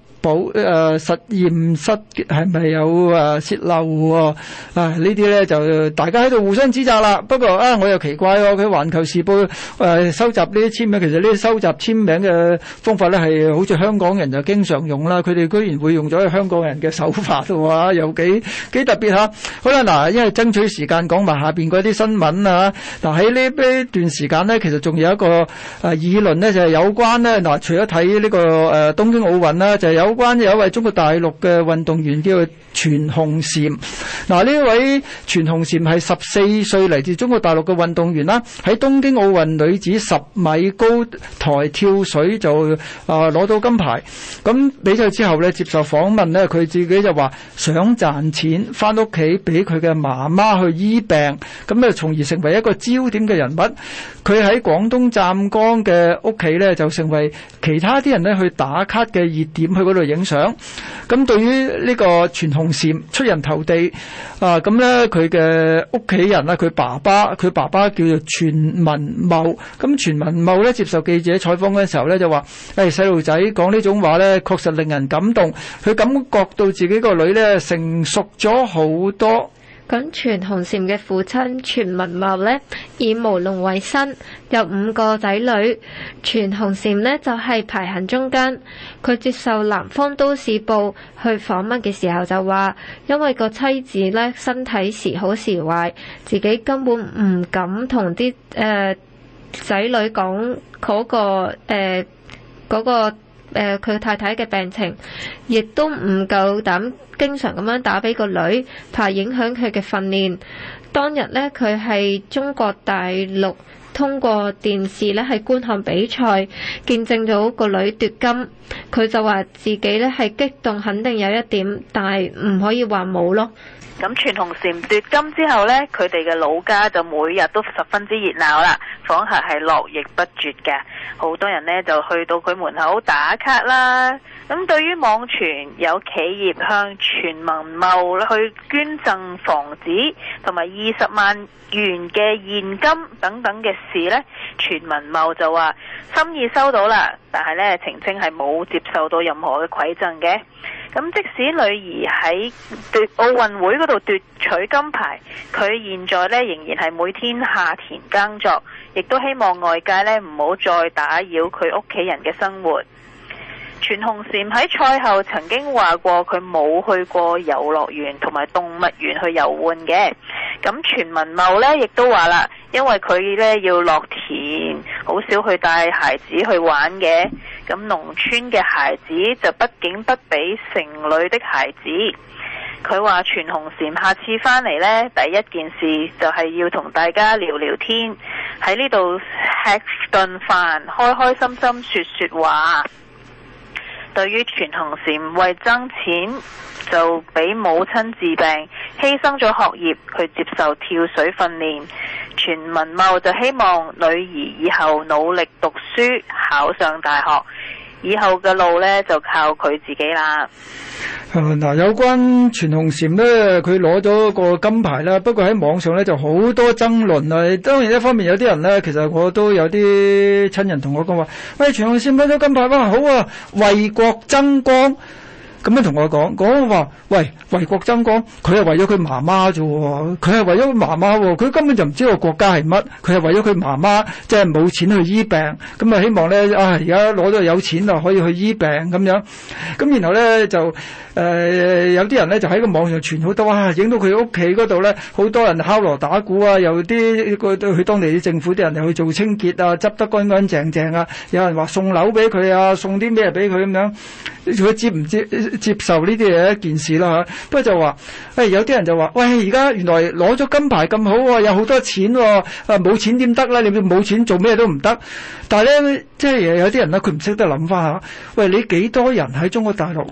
A: 保誒、呃、實驗室係咪有誒、啊、泄漏啊這些，呢啲咧就大家喺度互相指責啦。不過啊，我又奇怪咯，佢環球時報誒、呃、收集呢啲簽名，其實呢啲收集簽名嘅方法咧係好似香港人就經常用啦。佢哋居然會用咗香港人嘅手法嘅話有幾幾特別吓、啊、好啦，嗱、啊，因為爭取時間講埋下邊嗰啲新聞啊。嗱喺呢呢段時間咧，其實仲有一個誒議論咧，就係、是、有關咧嗱、啊，除咗睇呢個誒、啊、東京奧運啦，就有。有關有一位中國大陸嘅運動員叫做全紅嬋嗱，呢一位全紅嬋係十四歲嚟自中國大陸嘅運動員啦，喺東京奧運女子十米高台跳水就啊攞到金牌。咁比賽之後咧，接受訪問咧，佢自己就話想賺錢翻屋企俾佢嘅媽媽去醫病，咁咧從而成為一個焦點嘅人物。佢喺廣東湛江嘅屋企咧，就成為其他啲人咧去打卡嘅熱點，去嗰度。影相咁，對於呢個全紅嬋出人頭地啊，咁呢佢嘅屋企人啦，佢爸爸，佢爸爸叫做全文茂。咁全文茂呢，接受記者採訪嘅時候呢，就話：誒細路仔講呢種話呢，確實令人感動。佢感覺到自己個女呢，成熟咗好多。
C: 咁，全紅嬋嘅父親全文茂咧以務農為生，有五個仔女，全紅嬋咧就係、是、排行中間。佢接受南方都市報去訪問嘅時候就話，因為個妻子咧身體時好時壞，自己根本唔敢同啲誒仔女講嗰個誒嗰個。呃那個誒、呃、佢太太嘅病情，亦都唔夠膽經常咁樣打俾個女，怕影響佢嘅訓練。當日呢，佢係中國大陸通過電視呢係觀看比賽，見證到個女奪金，佢就話自己呢係激動，肯定有一點，但係唔可以話冇咯。
H: 咁全紅嬋奪金之後呢，佢哋嘅老家就每日都十分之熱鬧啦，訪客係絡繹不絕嘅，好多人呢就去到佢門口打卡啦。咁對於網傳有企業向全紅嬋去捐贈房子同埋二十萬元嘅現金等等嘅事呢，全紅嬋就話心意收到啦。但係呢，澄清係冇接受到任何嘅饋贈嘅。咁即使女兒喺奪奧運會嗰度奪取金牌，佢現在呢仍然係每天下田耕作，亦都希望外界呢唔好再打擾佢屋企人嘅生活。全紅嬋喺賽後曾經話過佢冇去過遊樂園同埋動物園去遊玩嘅，咁全文茂呢，亦都話啦，因為佢呢要落田，好少去帶孩子去玩嘅。咁農村嘅孩子就畢竟不比城裏的孩子，佢話全紅嬋下次返嚟呢，第一件事就係要同大家聊聊天，喺呢度吃頓飯，開開心心說說話。對於全紅嬋為爭錢就俾母親治病，犧牲咗學業去接受跳水訓練，全文茂就希望女兒以後努力讀書考上大學。以後嘅路呢，就靠佢自己啦。
A: 嗱、嗯呃，有關全紅嬋呢，佢攞咗個金牌啦。不過喺網上呢，就好多爭論啊。當然一方面有啲人呢，其實我都有啲親人同我講話，喂，全紅嬋攞咗金牌，好啊，為國爭光。咁樣同我講講話，喂，為國爭光，佢係為咗佢媽媽啫喎，佢係為咗佢媽媽喎，佢根本就唔知道國家係乜，佢係為咗佢媽媽即係冇錢去醫病，咁啊希望咧啊而家攞咗有錢啦，可以去醫病咁樣，咁然後咧就。誒、呃、有啲人咧就喺個網上傳好多啊，影到佢屋企嗰度咧，好多人敲鑼打鼓啊，有啲個去當地啲政府啲人又去做清潔啊，執得乾乾淨淨啊，有人話送樓俾佢啊，送啲咩俾佢咁樣，佢接唔接接受呢啲嘢一件事啦吓？不過就話、哎、有啲人就話，喂而家原來攞咗金牌咁好啊，有好多錢喎、啊，啊冇錢點得啦？你冇錢做咩都唔得。但係咧，即係有啲人咧，佢唔識得諗翻下，喂你幾多人喺中國大陸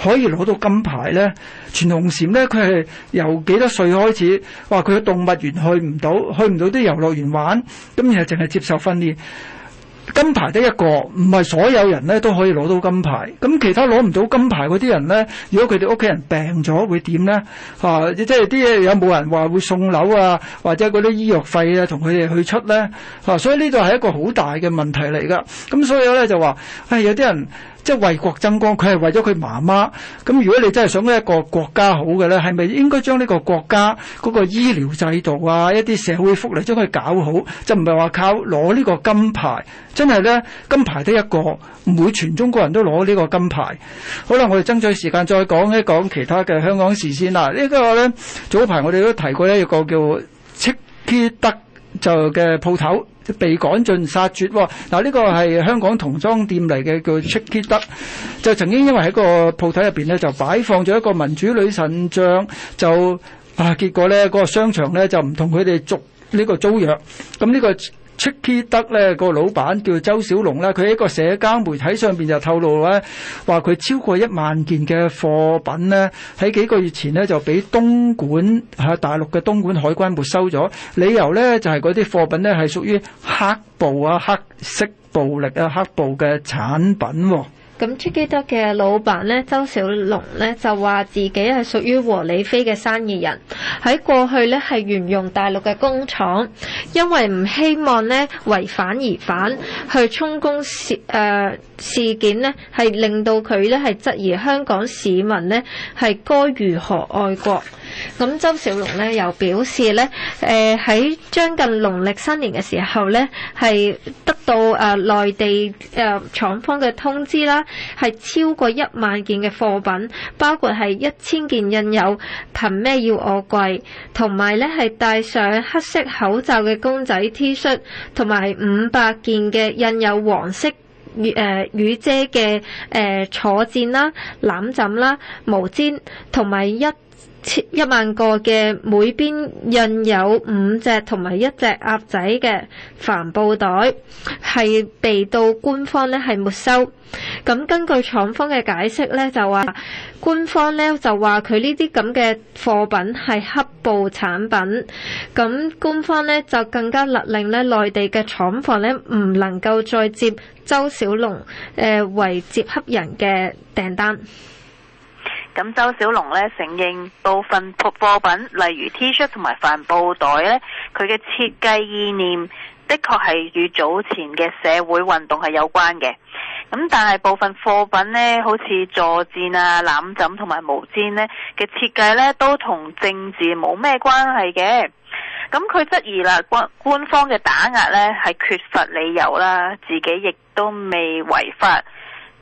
A: 可以攞？攞到金牌咧，全紅嬋咧，佢係由幾多歲開始？話佢去動物園去唔到，去唔到啲遊樂園玩，咁而係淨係接受訓練。金牌得一個，唔係所有人咧都可以攞到金牌。咁其他攞唔到金牌嗰啲人咧，如果佢哋屋企人病咗，會點咧？啊，即係啲嘢有冇人話會送樓啊，或者嗰啲醫藥費啊，同佢哋去出咧？啊，所以呢度係一個好大嘅問題嚟噶。咁所以咧就話，唉、哎，有啲人。即係為國爭光，佢係為咗佢媽媽。咁如果你真係想一個國家好嘅呢，係咪應該將呢個國家嗰個醫療制度啊、一啲社會福利將佢搞好，就唔係話靠攞呢個金牌。真係呢，金牌得一個，唔會全中國人都攞呢個金牌。好啦，我哋爭取時間再講一講其他嘅香港事先啦。呢個呢，早排我哋都提過一個叫 Chickeeduck。就嘅鋪頭被趕盡殺絕喎，哦！嗱、啊，呢、這個係香港童裝店嚟嘅，叫 Chickeeduck，就曾經因為喺個店鋪頭入邊呢，就擺放咗一個民主女神像，就啊結果呢嗰、那個商場呢，就唔同佢哋續呢個租約，咁、嗯、呢、這個。Chickeeduck 咧，個老闆叫周小龍咧，佢喺一個社交媒體上面就透露咧，話佢超過一萬件嘅貨品呢，喺幾個月前呢就俾東莞吓大陸嘅東莞海關沒收咗，理由咧就係嗰啲貨品呢係屬於黑暴啊、黑色暴力啊、黑暴嘅產品喎。
C: 咁 Chickeeduck 嘅老闆咧，周小龍咧就話自己係屬於和理非嘅生意人，喺過去咧係沿用大陸嘅工廠，因為唔希望咧違反而反去充公事、呃、事件呢係令到佢咧係質疑香港市民呢係該如何愛國。咁周小龍咧又表示咧，喺、呃、將近農曆新年嘅時候咧，係得到、呃、內地、呃、廠方嘅通知啦。係超過一萬件嘅貨品，包括係一千件印有憑咩要我貴，同埋咧係戴上黑色口罩嘅公仔 T 恤，同埋五百件嘅印有黃色誒、呃、雨遮嘅誒坐墊啦、攬、呃、枕啦、毛氈，同埋一一萬個嘅每邊印有五隻同埋一隻鴨仔嘅帆布袋係被到官方呢係沒收，咁根據廠方嘅解釋呢，就話，官方呢就話佢呢啲咁嘅貨品係黑暴產品，咁官方呢，就更加勒令內地嘅廠房呢唔能夠再接周小龍為接黑人嘅訂單。
H: 咁周小龍咧承認部分貨品，例如 T 恤同埋帆布袋咧，佢嘅設計意念的確係與早前嘅社會運動係有關嘅。咁但係部分貨品呢，好似坐墊啊、攬枕同埋毛氈呢嘅設計呢，都同政治冇咩關係嘅。咁佢質疑啦官，官方嘅打壓呢，係缺乏理由啦，自己亦都未違法。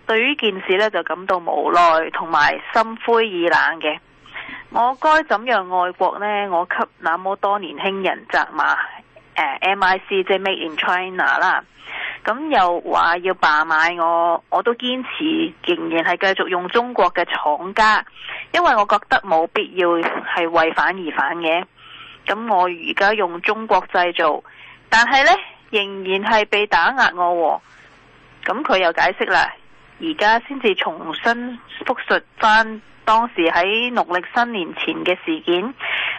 H: 對於件事呢，就感到無奈同埋心灰意冷嘅，我該怎樣愛國呢？我給那麼多年輕人責罵，誒，M I C 即係 Made in China 啦，咁又話要罷買我，我都堅持仍然係繼續用中國嘅廠家，因為我覺得冇必要係為反而反嘅。咁我而家用中國製造，但係呢，仍然係被打壓我喎，咁佢又解釋啦。而家先至重新復述翻當時喺農曆新年前嘅事件，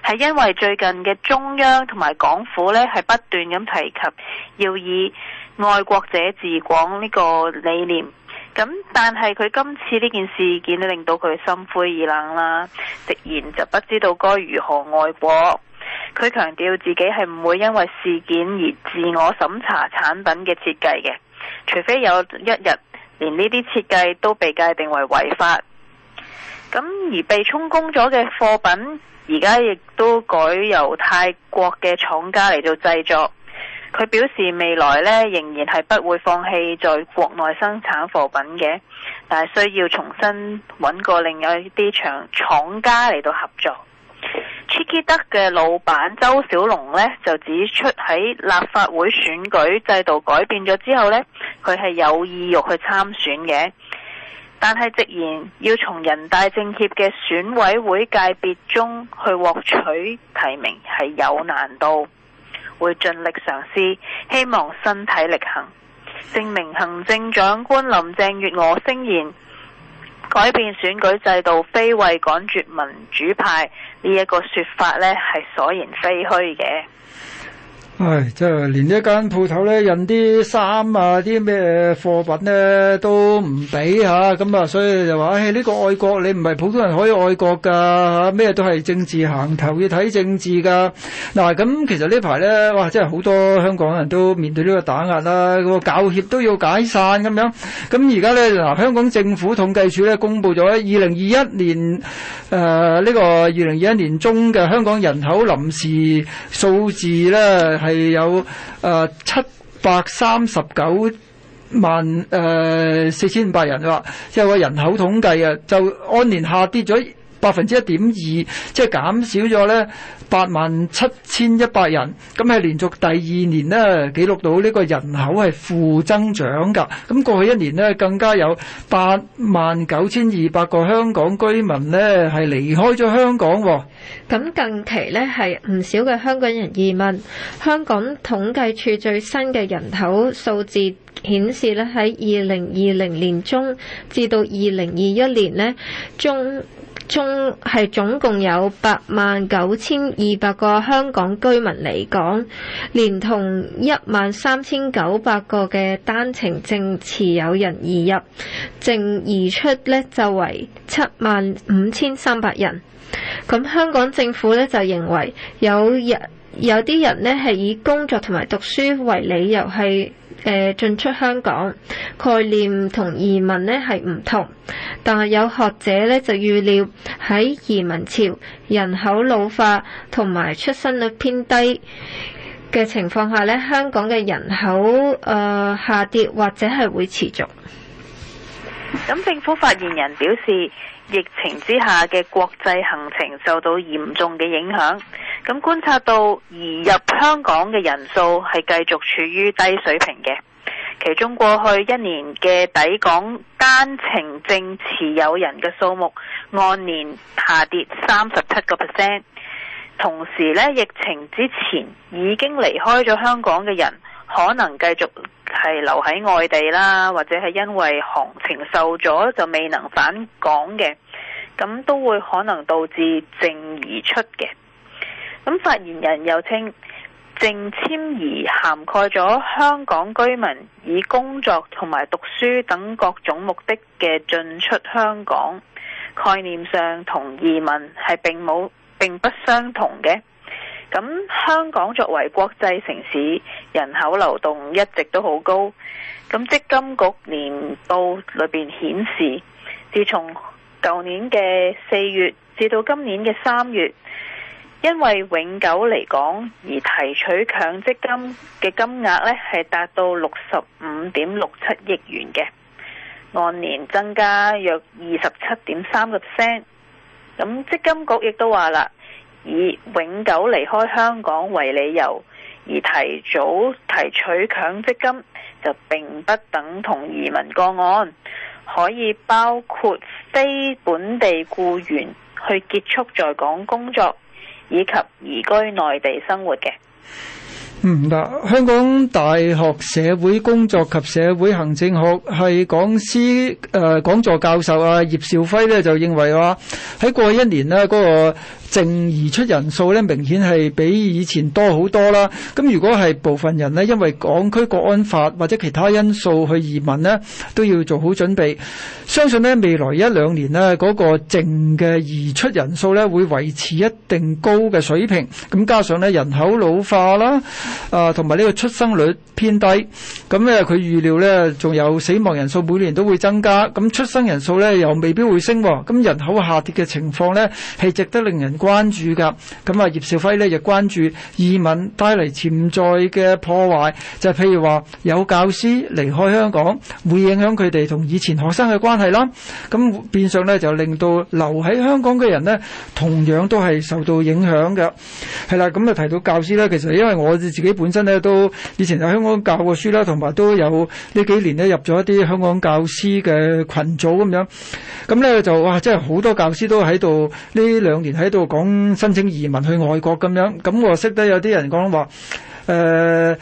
H: 係因為最近嘅中央同埋港府呢，係不斷咁提及要以愛國者治港呢個理念，咁但係佢今次呢件事件令到佢心灰意冷啦，直言就不知道該如何愛國。佢強調自己係唔會因為事件而自我審查產品嘅設計嘅，除非有一日。連呢啲設計都被界定為違法，咁而被充公咗嘅貨品，而家亦都改由泰國嘅廠家嚟到製作佢表示未來呢仍然係不會放棄在國內生產貨品嘅，但係需要重新揾個另外一啲廠廠家嚟到合作。Chickeeduck 嘅老闆周小龍呢，就指出喺立法會選舉制度改變咗之後呢，佢係有意欲去參選嘅，但係直言要從人大政協嘅選委會界別中去獲取提名係有難度，會盡力嘗試，希望身體力行，證明行政長官林鄭月娥聲言。改變選舉制度，非為趕絕民主派，呢一個說法呢，係所言非虛嘅。
A: 唉，即係連一間鋪頭咧印啲衫啊，啲咩貨品咧都唔俾啊，咁啊，所以就話唉，呢個愛國你唔係普通人可以愛國噶吓，咩都係政治行頭，要睇政治噶。嗱，咁其實呢排咧，哇，真係好多香港人都面對呢個打壓啦，個教協都要解散咁樣。咁而家咧，嗱，香港政府統計處咧公布咗二零二一年誒呢個二零二一年中嘅香港人口臨時數字咧。係有誒七百三十九萬誒四千五百人喎，即係個人口統計啊，就按年下跌咗百分之一點二，即係減少咗呢八萬七千一百人。咁係連續第二年呢記錄到呢個人口係負增長噶，咁過去一年呢更加有八萬九千二百個香港居民呢係離開咗香港喎、哦。咁近期呢，係唔少嘅香港人移民，香
C: 港統計處最新嘅人口數字顯示呢，喺二零二零年中至到二零二一年呢，中。中，係總共有八萬九千二百個香港居民嚟港，連同一萬三千九百個嘅單程證持有人移入，淨移出呢就為七萬五千三百人。咁香港政府呢就認為有人，有啲人呢係以工作同埋讀書為理由係。誒進出香港概念同移民咧係唔同，但係有學者咧就預料喺移民潮、人口老化同埋出生率偏低嘅情況下咧，香港嘅人口、呃、下跌或者係會持續。
H: 咁政府發言人表示，疫情之下嘅國際行程受到嚴重嘅影響。咁觀察到移入香港嘅人數係繼續處於低水平嘅，其中過去一年嘅抵港單程證持有人嘅數目按年下跌三十七個 percent。同時呢，疫情之前已經離開咗香港嘅人，可能繼續。係留喺外地啦，或者係因為航程受阻，就未能返港嘅，咁都會可能導致淨移出嘅。咁發言人又稱，淨遷移涵蓋咗香港居民以工作同埋讀書等各種目的嘅進出香港，概念上同移民係並冇並不相同嘅。咁香港作為國際城市，人口流動一直都好高。咁積金局年報裏邊顯示，自從舊年嘅四月至到今年嘅三月，因為永久離港而提取強積金嘅金額呢，係達到六十五點六七億元嘅，按年增加約二十七點三個 percent。咁積金局亦都話啦。以永久離開香港為理由而提早提取強積金，就並不等同移民個案，可以包括非本地僱員去結束在港工作以及移居內地生活嘅。
A: 嗯，嗱，香港大學社會工作及社會行政學系講師誒，講，呃，講座教授啊葉兆輝呢，就認為話、啊、喺過去一年呢、啊、嗰、嗰個。淨移出人數呢，明顯係比以前多好多啦。咁如果係部分人呢，因為港區國安法或者其他因素去移民呢，都要做好準備。相信呢，未來一兩年呢，嗰個淨嘅移出人數呢，會維持一定高嘅水平。咁加上呢，人口老化啦，啊同埋呢個出生率偏低，咁呢，佢預料呢，仲有死亡人數每年都會增加。咁出生人數呢又未必會升。咁人口下跌嘅情況呢，係值得令人關注㗎，咁啊葉兆輝呢，亦關注移民帶嚟潛在嘅破壞，就係，譬如話有教師離開香港，會影響佢哋同以前學生嘅關係啦。咁變相呢，就令到留喺香港嘅人呢，同樣都係受到影響嘅。係啦，咁就提到教師呢，其實因為我自己本身呢，都以前喺香港教過書啦，同埋都有呢幾年呢入咗一啲香港教師嘅群組咁樣。咁呢，就哇，真係好多教師都喺度呢兩年喺度。講申請移民去外國咁樣，咁我識得有啲人講話誒，呃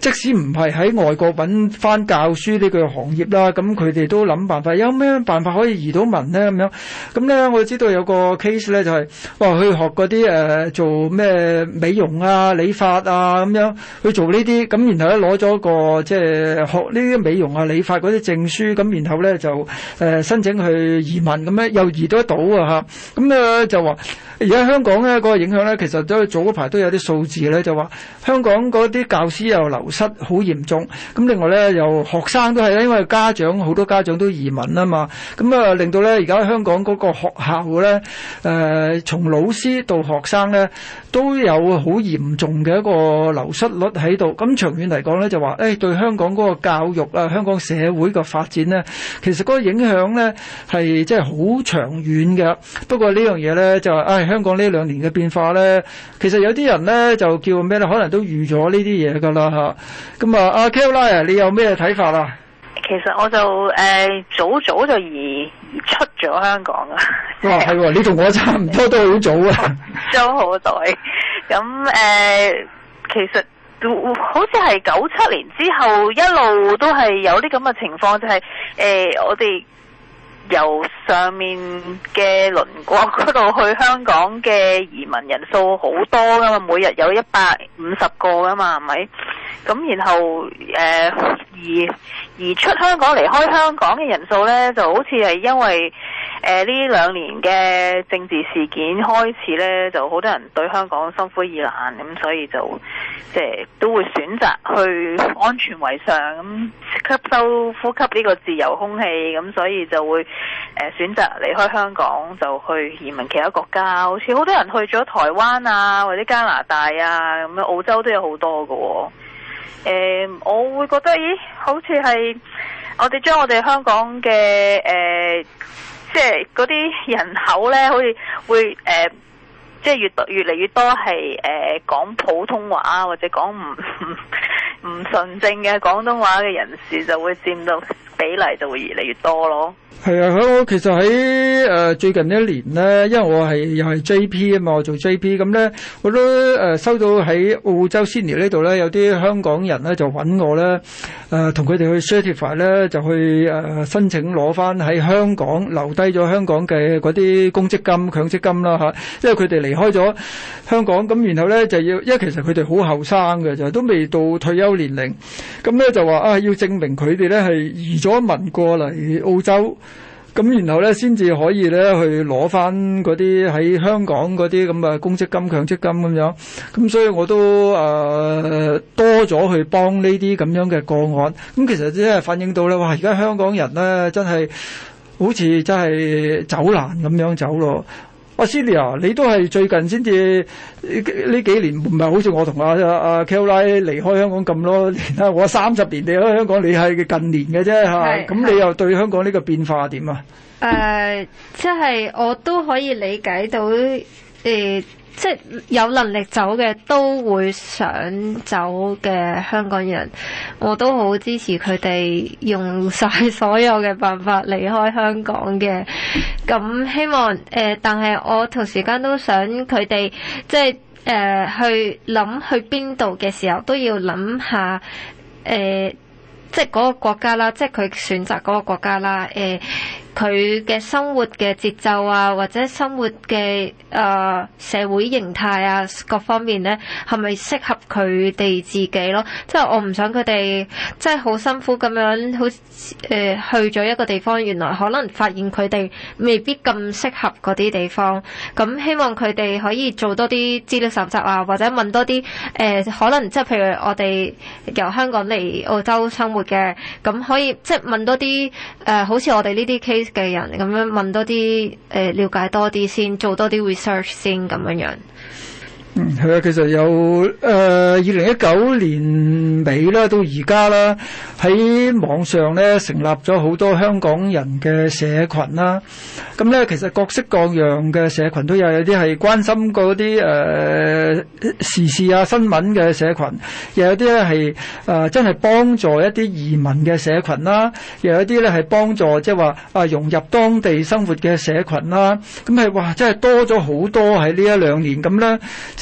A: 即使唔係喺外國揾翻教書呢個行業啦，咁佢哋都諗辦法，有咩辦法可以移到民咧咁樣？咁咧，我知道有個 case 咧，就係，就係話去學嗰啲誒做咩美容啊、理髮啊咁樣去做呢啲，咁然後咧攞咗個即係學呢啲美容啊、理髮嗰啲證書，咁然後咧就誒申請去移民咁咧，又移到得到啊吓，咁咧就話而家香港咧、個影響咧，其實都早嗰排都有啲數字咧，就話香港嗰啲教師又～流失好嚴重，咁另外咧又學生都係因為家長好多家長都移民啊嘛，咁啊令到咧而家香港嗰個學校咧，誒、呃、從老師到學生咧都有好嚴重嘅一個流失率喺度，咁長遠嚟講咧就話誒、哎、對香港嗰個教育啊，香港社會嘅發展咧，其實嗰個影響咧係即係好長遠嘅。不過呢樣嘢咧就話誒、哎、香港呢兩年嘅變化咧，其實有啲人咧就叫咩咧，可能都預咗呢啲嘢㗎啦。咁啊，阿 Kelly 啊，你有咩睇法啊？
H: 其實我就誒、呃、早早就移出咗香港
A: 哇、哦，係 喎，你同我差唔
D: 多都早 好
H: 早啊，都好袋。咁、呃、誒，其實好似係九七年之後一路都係有啲咁嘅情況，就係、是、誒、呃、我哋。由上面嘅鄰國嗰度去香港嘅移民人數好多㗎嘛，每日有一百五十個㗎嘛，係咪？咁然後誒、呃、而而出香港離開香港嘅人數呢，就好似係因為。誒、呃，呢兩年嘅政治事件開始呢，就好多人對香港心灰意冷咁，所以就即係都會選擇去安全為上，咁吸收呼吸呢個自由空氣，咁所以就會誒、呃、選擇離開香港，就去移民其他國家。好似好多人去咗台灣啊，或者加拿大啊，咁樣澳洲都有好多㗎、哦。誒、呃，我會覺得咦，好似係我哋將我哋香港嘅誒。呃即係嗰啲人口咧，好似會誒、呃，即係越越嚟越多係誒講普通話，或者講唔唔唔純正嘅廣東話嘅人士，就會占到。比
A: 例就會越嚟越多咯。係啊，我其實喺誒最近呢一年咧，因為我係又係 JP 啊嘛，我做 JP 咁咧，我都誒收到喺澳洲悉尼呢度咧，有啲香港人咧就揾我咧，誒同佢哋去 certify 咧，就去誒申請攞翻喺香港留低咗香港嘅嗰啲公積金、強積金啦嚇。因為佢哋離開咗香港咁，然後咧就要，因為其實佢哋好後生嘅就都未到退休年齡，咁咧就話啊要證明佢哋咧係移咗。嗰民過嚟澳洲，咁然後咧先至可以咧去攞翻嗰啲喺香港嗰啲咁嘅公積金、強積金咁樣，咁所以我都誒多咗去幫呢啲咁樣嘅個案，咁其實即係反映到咧，哇！而家香港人咧真係好似真係走難咁樣走咯。阿、ah, Sonia，你都係最近先至呢幾年，唔係好似我同阿阿 Kelly 離開香港咁囉。我三十年離開香港，你係近年嘅啫吓。咁你又對香港呢個變化點啊？
C: 誒，即係、呃即係、我都可以理解到、呃即係有能力走嘅都會想走嘅香港人，我都好支持佢哋用晒所有嘅辦法離開香港嘅。咁希望誒、呃，但係我同時間都想佢哋即係誒、呃、去諗去邊度嘅時候都要諗下誒、呃，即係嗰個國家啦，即係佢選擇嗰個國家啦誒。呃佢嘅生活嘅節奏啊，或者生活嘅誒、呃、社會形態啊，各方面咧，係咪適合佢哋自己咯？即、就、係、是、我唔想佢哋即係好辛苦咁樣好誒、呃、去咗一個地方，原來可能發現佢哋未必咁適合嗰啲地方。咁希望佢哋可以做多啲資料搜集啊，或者問多啲誒、呃、可能即係、就是、譬如我哋由香港嚟澳洲生活嘅，咁可以即係、就是、問多啲誒、呃、好似我哋呢啲 case。嘅人咁樣問多啲，誒，了解多啲先，做多啲 research 先咁樣樣。
A: 嗯，係啊，其實有誒，二零一九年尾啦，到而家啦，喺網上咧成立咗好多香港人嘅社群啦、啊。咁、嗯、咧，其實各式各樣嘅社群都有，有啲係關心嗰啲誒時事啊、新聞嘅社群，又有啲咧係誒真係幫助一啲移民嘅社群啦、啊，又有啲咧係幫助即係話啊融入當地生活嘅社群啦、啊。咁、嗯、係哇，真係多咗好多喺呢一兩年咁啦。嗯呢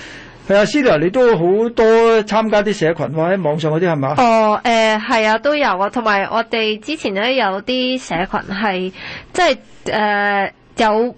A: 係啊，Celia，你都好多參加啲社群喎，喺網上嗰啲係咪？
C: 哦，係、呃、啊，都有啊，同埋我哋之前咧有啲社群係即係誒有誒、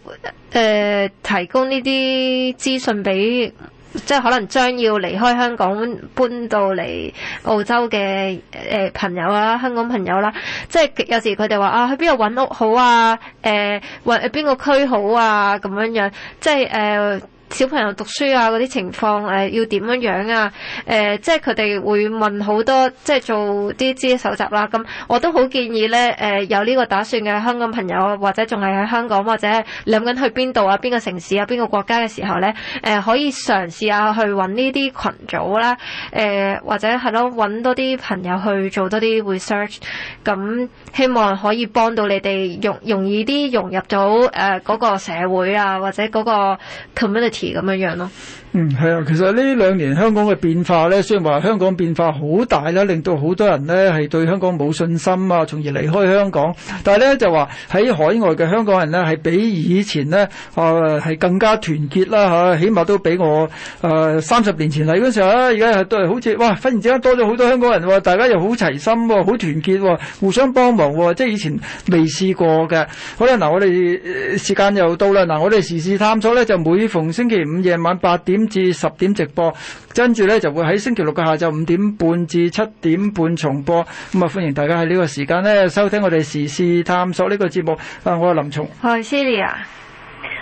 C: 呃、提供呢啲資訊俾即係可能將要離開香港搬到嚟澳洲嘅、呃、朋友啦、啊，香港朋友啦、啊，即、就、係、是、有時佢哋話啊，去邊度搵屋好啊？誒或邊個區好啊？咁樣樣即係誒。就是呃小朋友讀書啊嗰啲情況誒、呃、要點樣樣啊誒、呃、即係佢哋會問好多即係做啲資料搜集啦，咁我都好建議咧，誒、呃、有呢個打算嘅香港朋友或者仲係喺香港或者諗緊去邊度啊，邊個城市啊，邊個國家嘅時候咧，誒、呃、可以嘗試下去揾呢啲群組啦，誒、呃、或者係咯，揾多啲朋友去做多啲 research 咁、嗯、希望可以幫到你哋容容易啲融入到誒嗰、呃嗰個社會啊或者嗰個 community。咁樣樣咯，嗯，
A: 係啊，其實呢兩年香港嘅變化咧，雖然話香港變化好大啦，令到好多人咧係對香港冇信心啊，從而離開香港。但係咧就話喺海外嘅香港人咧係比以前咧啊係更加團結啦嚇，起碼都比我啊三十年前嚟嗰陣時候啊，而家都好似哇，忽然之間多咗好多香港人喎，大家又好齊心喎、啊，好團結喎、啊，互相幫忙喎、啊，即係以前未試過嘅。好啦，嗱，我哋時間又到啦，嗱，我哋時事探索咧就每逢星期。星期五夜晚八點至十點直播，跟住呢就會喺星期六嘅下晝五點半至七點半重播。咁啊，歡迎大家喺呢個時間呢收聽我哋時事探索呢個節目。啊，我係林松，我係 Celia，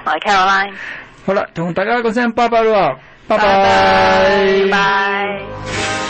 A: 我係 Caroline 好。好啦，同大家講聲拜拜啦，拜拜。Bye bye. Bye bye.
D: Bye bye.